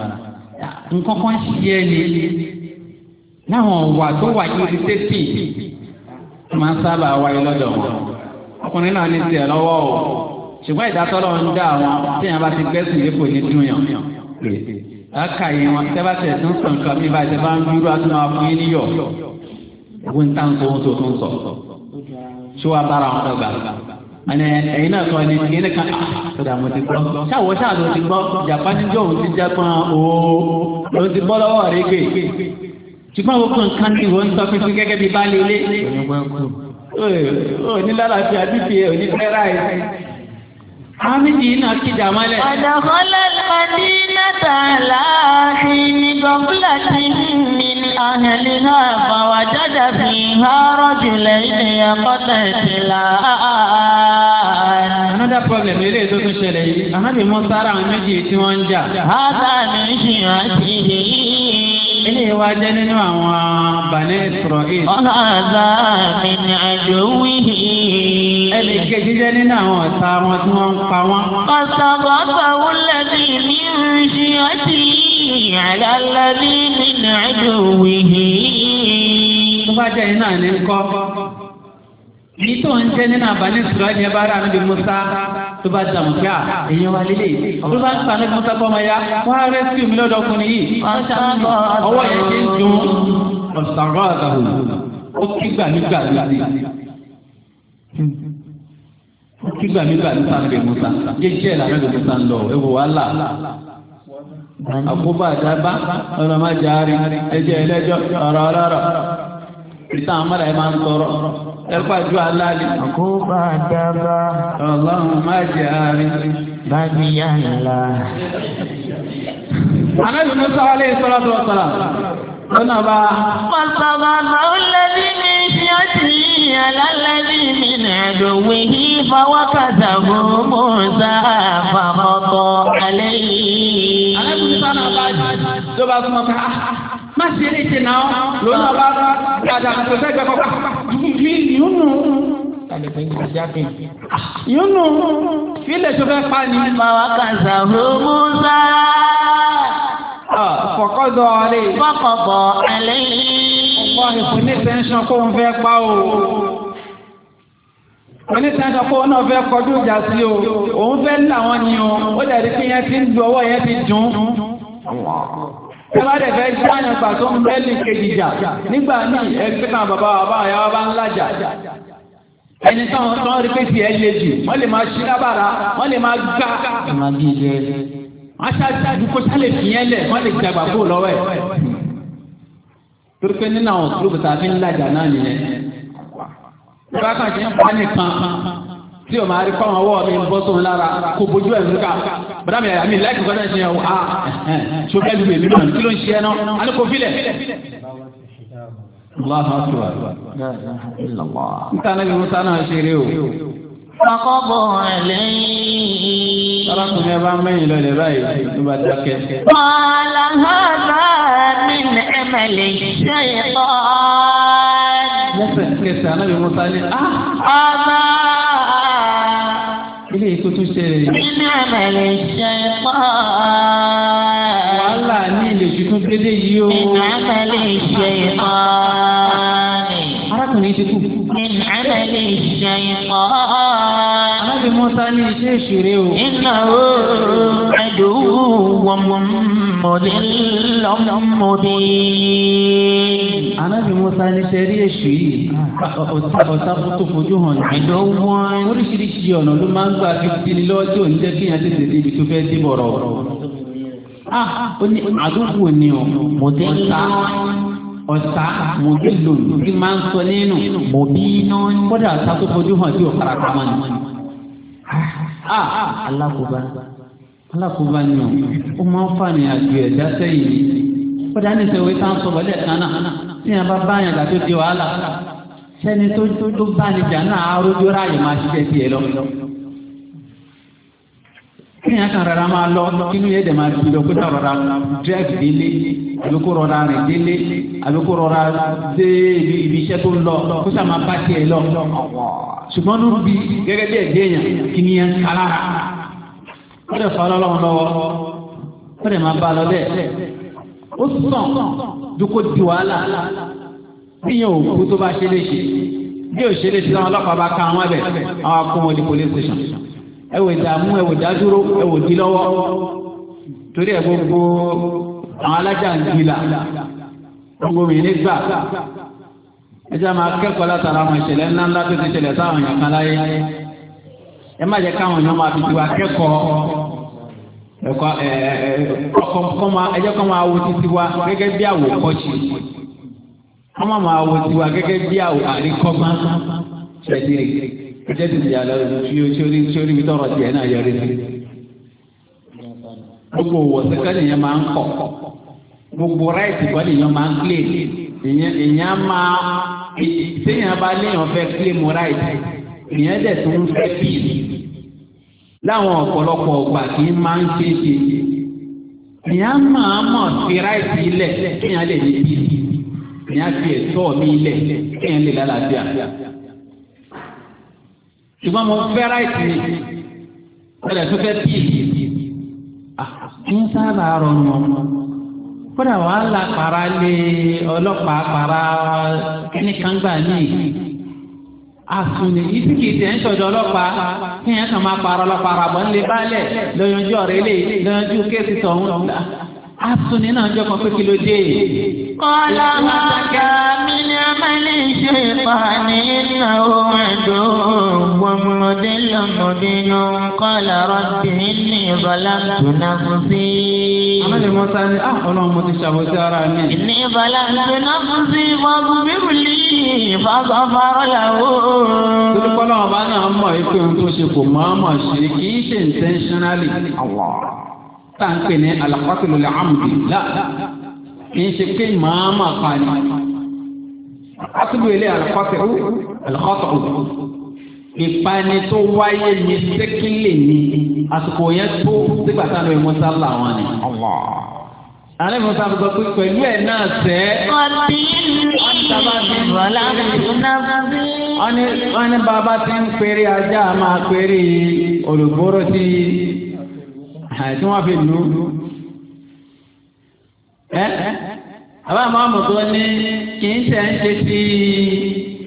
nǹkan kan ṣe é ní láwọn wà tó wà irritate máa ń sábà wáyé lọ́dọ̀ wọn ọkùnrin náà ní tiẹ̀ lọ́wọ́ o ṣùgbọ́n ìdásọ́lọ́ ń dá àwọn tí yẹn bá ti gbẹ́sùn lépò ní dúnyàn lákàyè wọn tẹ́bàtẹ̀ tó ń sọ nǹkan bí bá ti bá ń dúró àtúnwá fún yín níyọ̀ ògùn táǹkó ohun tó tún sọ ṣé wàá bára àwọn ọgbà ẹni ẹyin náà sọ ẹni kí ní kan ṣọdà ah, mo ti gbọ́ ṣàwọ ṣàdó ti gbọ́ jàpáni jọ òun ti jẹpọn ooo òun ti bọ́ lọ́wọ́ rẹ gbé ṣùgbọ́n gbogbo nǹkan ti wọ́n ń sọ pé fún gẹ́gẹ́ bí baálé ilé òní lálàáfíà bíbí òní fẹ́ ráì Amíjì náà kíjà mọ́lẹ̀. Ọ̀dọ̀kọ́lẹ̀ kan ní náà ní gọ́gúlà ti ní. أهلها فوجد فيها رجلين يقتتلان Another problem eré tó tún ṣẹlẹ̀ yìí, àhábì mọ́ sára àwọn méjì tí wọ́n ń jà. Hádà ní ṣìyàn ti yìí eléyìí wá jẹ́ nínú àwọn Bani Isra'il. ọ̀nà àgbà mi ni àjò wíhì. ẹnì kejì jẹ́ nínú àwọn ọ̀tá wọn tí wọ́n ń pa wọ́n. ọ̀sàbọ̀ àbáwọ̀ lẹ́bí mi ń ṣe ọtí àlàlẹ́bí mi àjò wíhì. tó bá jẹ́ iná ní kọ́ èyí tó ń jẹ́ nínú àbálẹ́ ìṣúra ni ẹ bá rà níbi Musa tó bá dàmú pé à èèyàn wa lélẹ̀ tó bá ń pa níbi Musa kọ́mọ ya wọ́n á rẹ́síù mi lọ́dọ̀ ọkùnrin yìí ọwọ́ yẹn ti ń dùn ọ̀sán rọ́ àgàwò ó kígbà nígbà nígbà kígbà nígbà nígbà nígbà Musa jẹjẹ la mẹgbẹ Musa ń lọ ewu wàhálà àkóbá àdábá ọlọmọdé àárín ẹjẹ ẹlẹjọ ọ̀rọ̀ ọlọ́rọ̀ ìtàn ẹgbàjú aláàlì. àkóbá dábà. ọlọ́run má jẹ àárín. bàbí yàrá. anábì musa alẹ́ ìsọ́lá tó sọ̀rọ̀ lọ́nà bá. pàṣẹwà máa ń lẹ́bí ní ṣíọ́tì alálẹ́bí mi nàdòwe yìí fọwọ́kàtà mọ́mọ́sá àfàmọ́tọ̀ alẹ́ yìí. anábì musa náà bá tó bá súnmọ́ ká má ṣe lè ṣe náà lọ́nà bá dáadáa kò fẹ́ gbẹ́ kọ́kọ́ fi yúnú. yúnú fílẹ̀ tó fẹ́ pa ni. màwa kan sàrò mọ́sá. fọkọ́dọ̀ rẹ̀. fọkọ̀bọ̀ ẹ̀lẹ́. ọ̀pọ̀ ìfún ní tẹ́ńsán kó ń fẹ́ pa o. Oníṣẹ́ńsọ kó náà fẹ́ kọjú ìjà sí o, òun fẹ́ ń làwọn ni o, ó dẹ̀ pé yẹn ti ń du ọwọ́ yẹn ti dùn. Tẹ́bàdẹ̀ fẹ́ jáyàn gbà tó ń bẹ́lì kejì jà nígbà ní ẹgbẹ́ náà bàbá wa bá yàwó bá ń lájà. Ẹni táwọn tán rí pé ti ẹlẹ́ jù, wọ́n lè máa ṣí lábàrá, wọ́n lè máa gbá. Wọ́n ṣáájú kó sálè fìyẹn lẹ̀, wọ́n lè jàgbà kó lọ́wọ́ ẹ̀. Torí pé nínú àwọn òṣèlú kò tàbí ńlájà náà nìyẹn. Bákan ṣe ń pa nìkan tí o máa rí kọ́ àwọn mi ń bọ́ sóun lára kó bójú ẹ̀ nǹkan bàdá mi àmì láìpẹ́ kọ́tà ṣe ẹ̀ wá ṣókẹ́ ju èmi náà kí ló ń ṣe ẹ náà kò filẹ̀. nǹkan náà ni musa náà ṣe o. Fakọ́bọ̀ lẹ́yìn. Arákùnrin ẹ bá mẹ́yìn lọlẹ̀ báyìí ló bá dákẹ́. Bọ́lá hàdá mi ní ẹ̀mẹ̀lẹ̀ ṣe é bọ́. Mọ́sẹ̀ kẹsàn-án náà ni Musa ní. Ọba. Ah, ilé tó tún ṣẹlẹ̀ yìí. nínú àmàlẹ̀ ṣe pọ̀. wàhálà ní ilé tuntun dédé yìí o. nínú àmàlẹ̀ ṣe pọ̀. arákùnrin ti kú. nínú àmàlẹ̀ ṣe pọ̀. alábìmọ́ta ní iṣẹ́ ìṣeré o. nínú ẹ̀dùn wọ̀mọ̀mọ́. مضل مبين Ànábì Mùsá ní sẹ́rí èṣù yìí ọ̀tá tó fojú hàn ẹ̀dọ́ wọn. Oríṣiríṣi ọ̀nà ló máa ń gbà fi ti ní lọ́jọ́ ń jẹ́ kéèyàn tètè débi tó fẹ́ dé bọ̀rọ̀. Ah, àdúgbò ni ọ̀ mọ̀tẹ́ńtà ọ̀tá mọ̀júlò ní máa ń sọ nínú mọ̀bí iná kódà ọ̀tá tó fojú hàn sí ọ̀kárakà mọ́ni. Ah, alákòóbá alákòóbá ni ọ ó máa ń fàní àjò ẹ̀dá sẹ́yìn ó dání sẹ́wọ́ ìtàn sọ̀rọ̀ lẹ́ẹ̀kan náà tí yẹn bá bá yẹn gbà tó di wàhálà sẹ́ni tó tó bá ní jà náà arójú ráàyè máa ṣiṣẹ́ tiẹ̀ lọ. kí yẹn kan rárá máa lọ kínú yẹn dẹ̀ máa fi lọ kó tà rọra dírẹ́fì délé àbí kó rọra rìn délé àbí kó rọra dé ibi iṣẹ́ tó ń lọ kó sà máa bá tiẹ̀ lọ. ṣùgbọ́n níbi gẹ́gẹ́ bí ẹ̀dẹ́yàn kí ni yẹn kálára ó fara fọ́ ọlọ́run lọ́wọ́ ó lè máa bá a lọ bẹ́ẹ̀ ó sàn dúkó di wàhálà bíyàn òkú tó bá ṣe lè ṣe bí ò ṣe lè ṣe àwọn ọlọ́pàá bá ká àwọn ẹbẹ̀ àwọn akó wọn di police station ẹ wò ìdààmú ẹ wò ìdádúró ẹ wò di lọ́wọ́ torí ẹ gbogbo àwọn alájà ń di là gbogbo mi nígbà ẹjá máa kẹ́kọ̀ọ́ látara àwọn ìṣẹ̀lẹ̀ ńláńlá tó ti ṣẹlẹ̀ sáwọn èèyàn kan láyé ẹ má jẹ́ káwọn èèyàn máa fi tiwa ẹjọ́ kan máa wo títí wa gẹ́gẹ́ bí àwòkọ́ṣe wọ́n máa máa wa gẹ́gẹ́ bí àríkọ́gbọ́n ṣẹ̀dírì ìjẹ́ ti jà lọ sórí sórí ibi tọrọ tiẹ̀ náà yọrí sí. gbogbo òwòsí kan nìyẹn máa ń kọ. gbogbo ráìtì máa ń kílè ìyẹn máa kílè láwọn ọ̀pọ̀lọpọ̀ ọgbà kì í máa ń ṣe é ṣe ìyá máa mọ̀ sí ráìtì ilẹ̀ kí ìyá lè ní bí ìyá fi ẹ̀tọ́ mi ilẹ̀ kí ìyá lè lálàáfíà ṣùgbọ́n mo fẹ́ ráìtì mi ọ̀dà tó fẹ́ bí kí n sábà rọrùn ọmọ kódà wàhálà para lé ọlọ́pàá para kíníkàngbà ní ìlú àsùnì yìí sì kìí tẹ̀ ń sọ̀dọ̀ ọlọ́pàá kí yẹn kàn máa parọ́ ọlọ́pàá rà bọ́ nílé baálẹ̀ lọ́yọ̀njú ọ̀rẹ́ lè lọ́yọ̀njú kéèsì tọ̀hún Asuni náà jẹ́ kan pé kí ló dé. Kọ́lá máa ga mí ní abẹ́lé ṣe ìpàdé iná ohun ẹ̀dọ́ gbọmọdé lọ́mọdé ló ń kọ́lá rọ́bì ní ìbọ̀lá tùnà fún sí. Amẹ́lẹ̀ Mọ́sá ni á ah, ọlọ́run mo ti ṣàbọ̀sí ara mi. Ní ìbọ̀lá tùnà fún sí ìfọ̀bù bíbélì ìfọ̀sọ̀fọ̀rọ̀ yàwó. Tolúkọ́ náà bá náà mọ̀ ikú ohun tó ṣe kò máa mọ̀ ṣe kì í ṣe intentionally tá à ń pè ní alakọ́tìlú lè amúdì là kì í ṣe pé màá máa pa ni akúlù ilé alakọ́tìlú alakọ́tìlú ìpani tó wáyé ní sẹ́kílì ni àsìkò yẹn tó sígbà táwọn ẹ̀mọ́ sábà wọn ni. Àlẹ́ mi sábà sọ pé pẹ̀lú ẹ̀ náà sẹ́. Wọ́n ní bàbá ti ń pèrè ajá máa pèrè olùgbòrò ti. tí wọ́n fi nù ẹ́ àbá mọ́mù tó ní kì í ṣe ń ṣe sí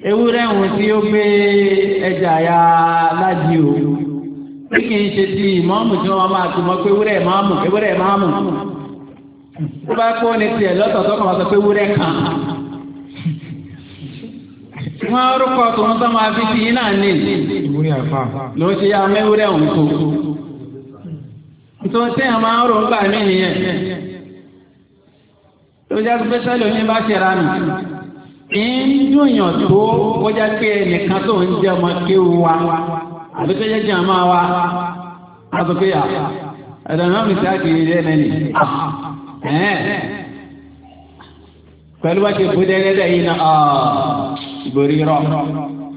ewúrẹ́ ìhùn tí ẹja ya lájí o pé kì í ṣe ti mọ́mù tí wọ́n máa tó mọ́ pé ewúrẹ́ mọ́mù ewúrẹ́ mọ́mù bá kó ní tiẹ̀ lọ́tọ̀ọ̀tọ̀ kan sọ pé ewúrẹ́ wọ́n rúkọ tó ń sọ máa fi náà ní nítorí téèyàn máa ń rò ń gbà mí nìyẹn tó ya pé sẹ́lẹ̀ oní bá ṣe ra nù ní tó pé ẹnìkan tó ń ọmọ wa àbí tó jẹ́ wa a pé ẹ̀dọ̀ náà mi sáà kìí rẹ̀ lẹ́nì pẹ̀lú wá ṣe dẹ́gẹ́dẹ́ yìí náà rọ̀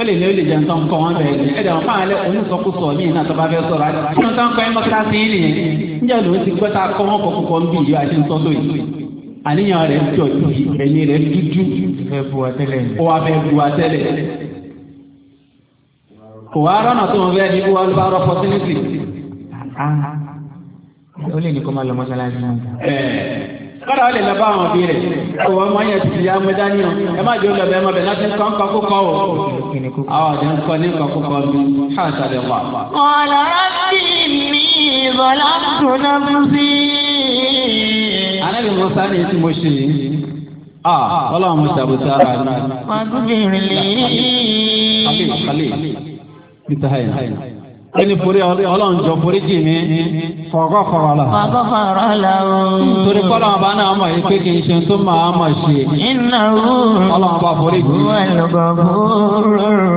ó lè lé ó lè jẹun tán kọ́ wọn bẹ̀rẹ̀ ní ẹ̀dẹ̀ wọn fáwọn alẹ́ onísọkúsọ ní iná tó bá fẹ́ sọ̀rọ̀ àti wọn tán kọ́ ẹ́ mọ́kíláàsì yìí nìyẹn níjẹ́ ló ti gbọ́ tá a kọ́ wọn kọ́ kọ́kọ́ ń bí ìyá àti nsọ́tò yìí àníyàn rẹ̀ jọ yìí ẹ̀yìn rẹ̀ dúdú ó wà fẹ́ bu àtẹ́lẹ̀ kò wá rọ́nà tó wọn fẹ́ ní kó wá ló bá rọ́ opportunity. ó lè ní kó má lọ mọ́ṣáláṣí náà kọ́ra ó lè lọ bá àwọn òbí rẹ̀ kó wọ́n mọ̀ yẹn ti ìyá mẹ́ta ní ọ ẹ má jẹ́ ó lọ bẹ́ẹ̀ má bẹ́ẹ̀ láti ń kọ́ ń kọ́ kó kọ́ o. àwọn àti ń kọ́ ní kọ́ kó kọ́ mi káàtà lè wà. ọ̀la rántí mi bọ̀lá tó ná mú sí. anábì musa ni tí mo ṣe yìí. ọlọ́run mo ṣàbùsà rà ní. wàá gbìyànjú lè. khalil khalil peter hayin ẹni forí ọlọ́run jọ forí jì mí fọ̀gọ́fọ̀rọ̀ la. fọ̀gọ́fọ̀rọ̀ la o. torí kọ́ lọ́wọ́ bá náà mọ̀ yìí pé kì í ṣe tó máa mọ̀ ṣe. iná o. ọlọ́run bá forí jì mí. wàlúgbọ̀gbọ̀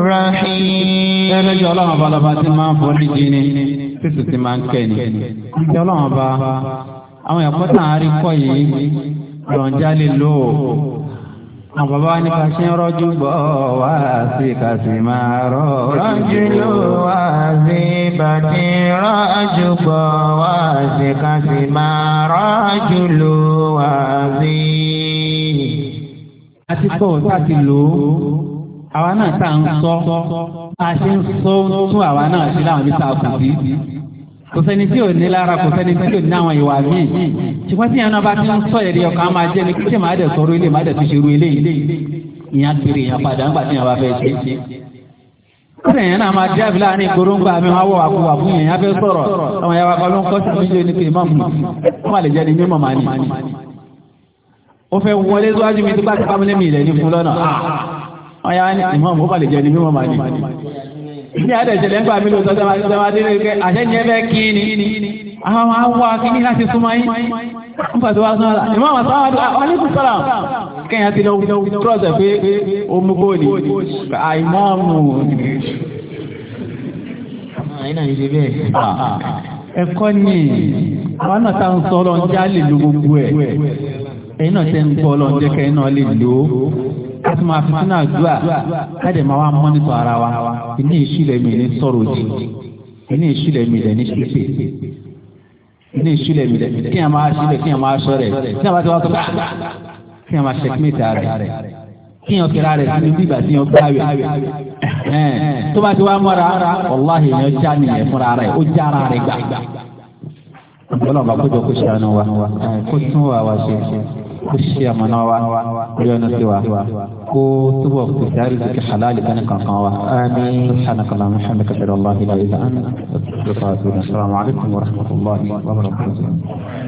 rahim. ẹgbẹ́ jọ ọlọ́run bá lọ́ba tí máa ń forí jì ní títí tí máa ń kẹ́ ni. ìjọ ọlọ́run bá àwọn ẹ̀kọ́ tàn án rí kọ́ yìí lọ́njálè lóò àwọn bàbá wa ní ká ṣe ń rọ́jú bọ̀ wá sí ká sì máa rọ́jú. rọ́jú ló wá sí bàtí rọ́jú bọ̀ wá sí ká sì máa rọ́jú ló wá sí. a ti kọ́ ọ̀tá ti lò ó àwa náà tá à ń sọ a ṣe ń sọ tún àwa náà sí láwọn ibi tá a kù sí kò sẹ́ni tí ò ní lára kò sẹ́ni tí ò ní àwọn ìwà míì ṣùgbọ́n tí yàrá bá ti ń sọ èrè ọkàn máa jẹ́ ni kíkẹ́ máa dẹ̀ sọ̀rọ̀ ilé máa dẹ̀ tún ṣe ru ilé ìyá péré ìyá padà ńgbà tí yàrá bá fẹ́ ṣe. kúrò yẹn náà máa dábì láàrin ìgboro ńgbà mi máa wọ àkúwà fún yẹn yá fẹ́ sọ̀rọ̀ àwọn yàrá kan ló ń kọ́ sí mi lónìí pé mọ́mù wọ́n lè jẹ́ ni mímọ̀ máa ní. ó fẹ́ wọlé síwájú mi tó bá ti pamílẹ́ mi ilẹ̀ ní fún lọ́nà ah! àwọn yàrá ni ìmọ̀ ní àdẹ̀jẹ̀lẹ̀ ń gbà mí lóòótọ́ sẹ́wádé ní ẹgbẹ́ àṣẹ́yìn ẹgbẹ́ kí ni àwọn àwọn akíní láti súnmọ́ ń wá sọ́nà àwọn ni àwọn náà ta ń sọ ọlọ́njẹ́ kásì máa fi sínú àdúrà káde máa ara wa ìní ìṣílẹ̀ mi ní sọ̀rọ̀ ne ìní ìṣílẹ̀ mi lẹ̀ ní ṣíṣe ìní ìṣílẹ̀ mi lẹ̀ kí ẹ máa ṣílẹ̀ kí ẹ máa ṣọ́ rẹ̀ kí ẹ máa ti wá sọ ah! kí ẹ máa ṣẹkímẹ́tà rẹ̀ kí ẹ kẹra ti wá ara rẹ̀ gbà. ọlọ́run wa kó ṣe àmàna wa kó yọnu sí wa kó túbọ̀ kó sáré lókè halali kan kankan wa. àmín subhanakallah muhammed kabir allah ilaha illa anta astaghfiruka wa atubu assalamu alaykum wa rahmatullahi wa barakatuh.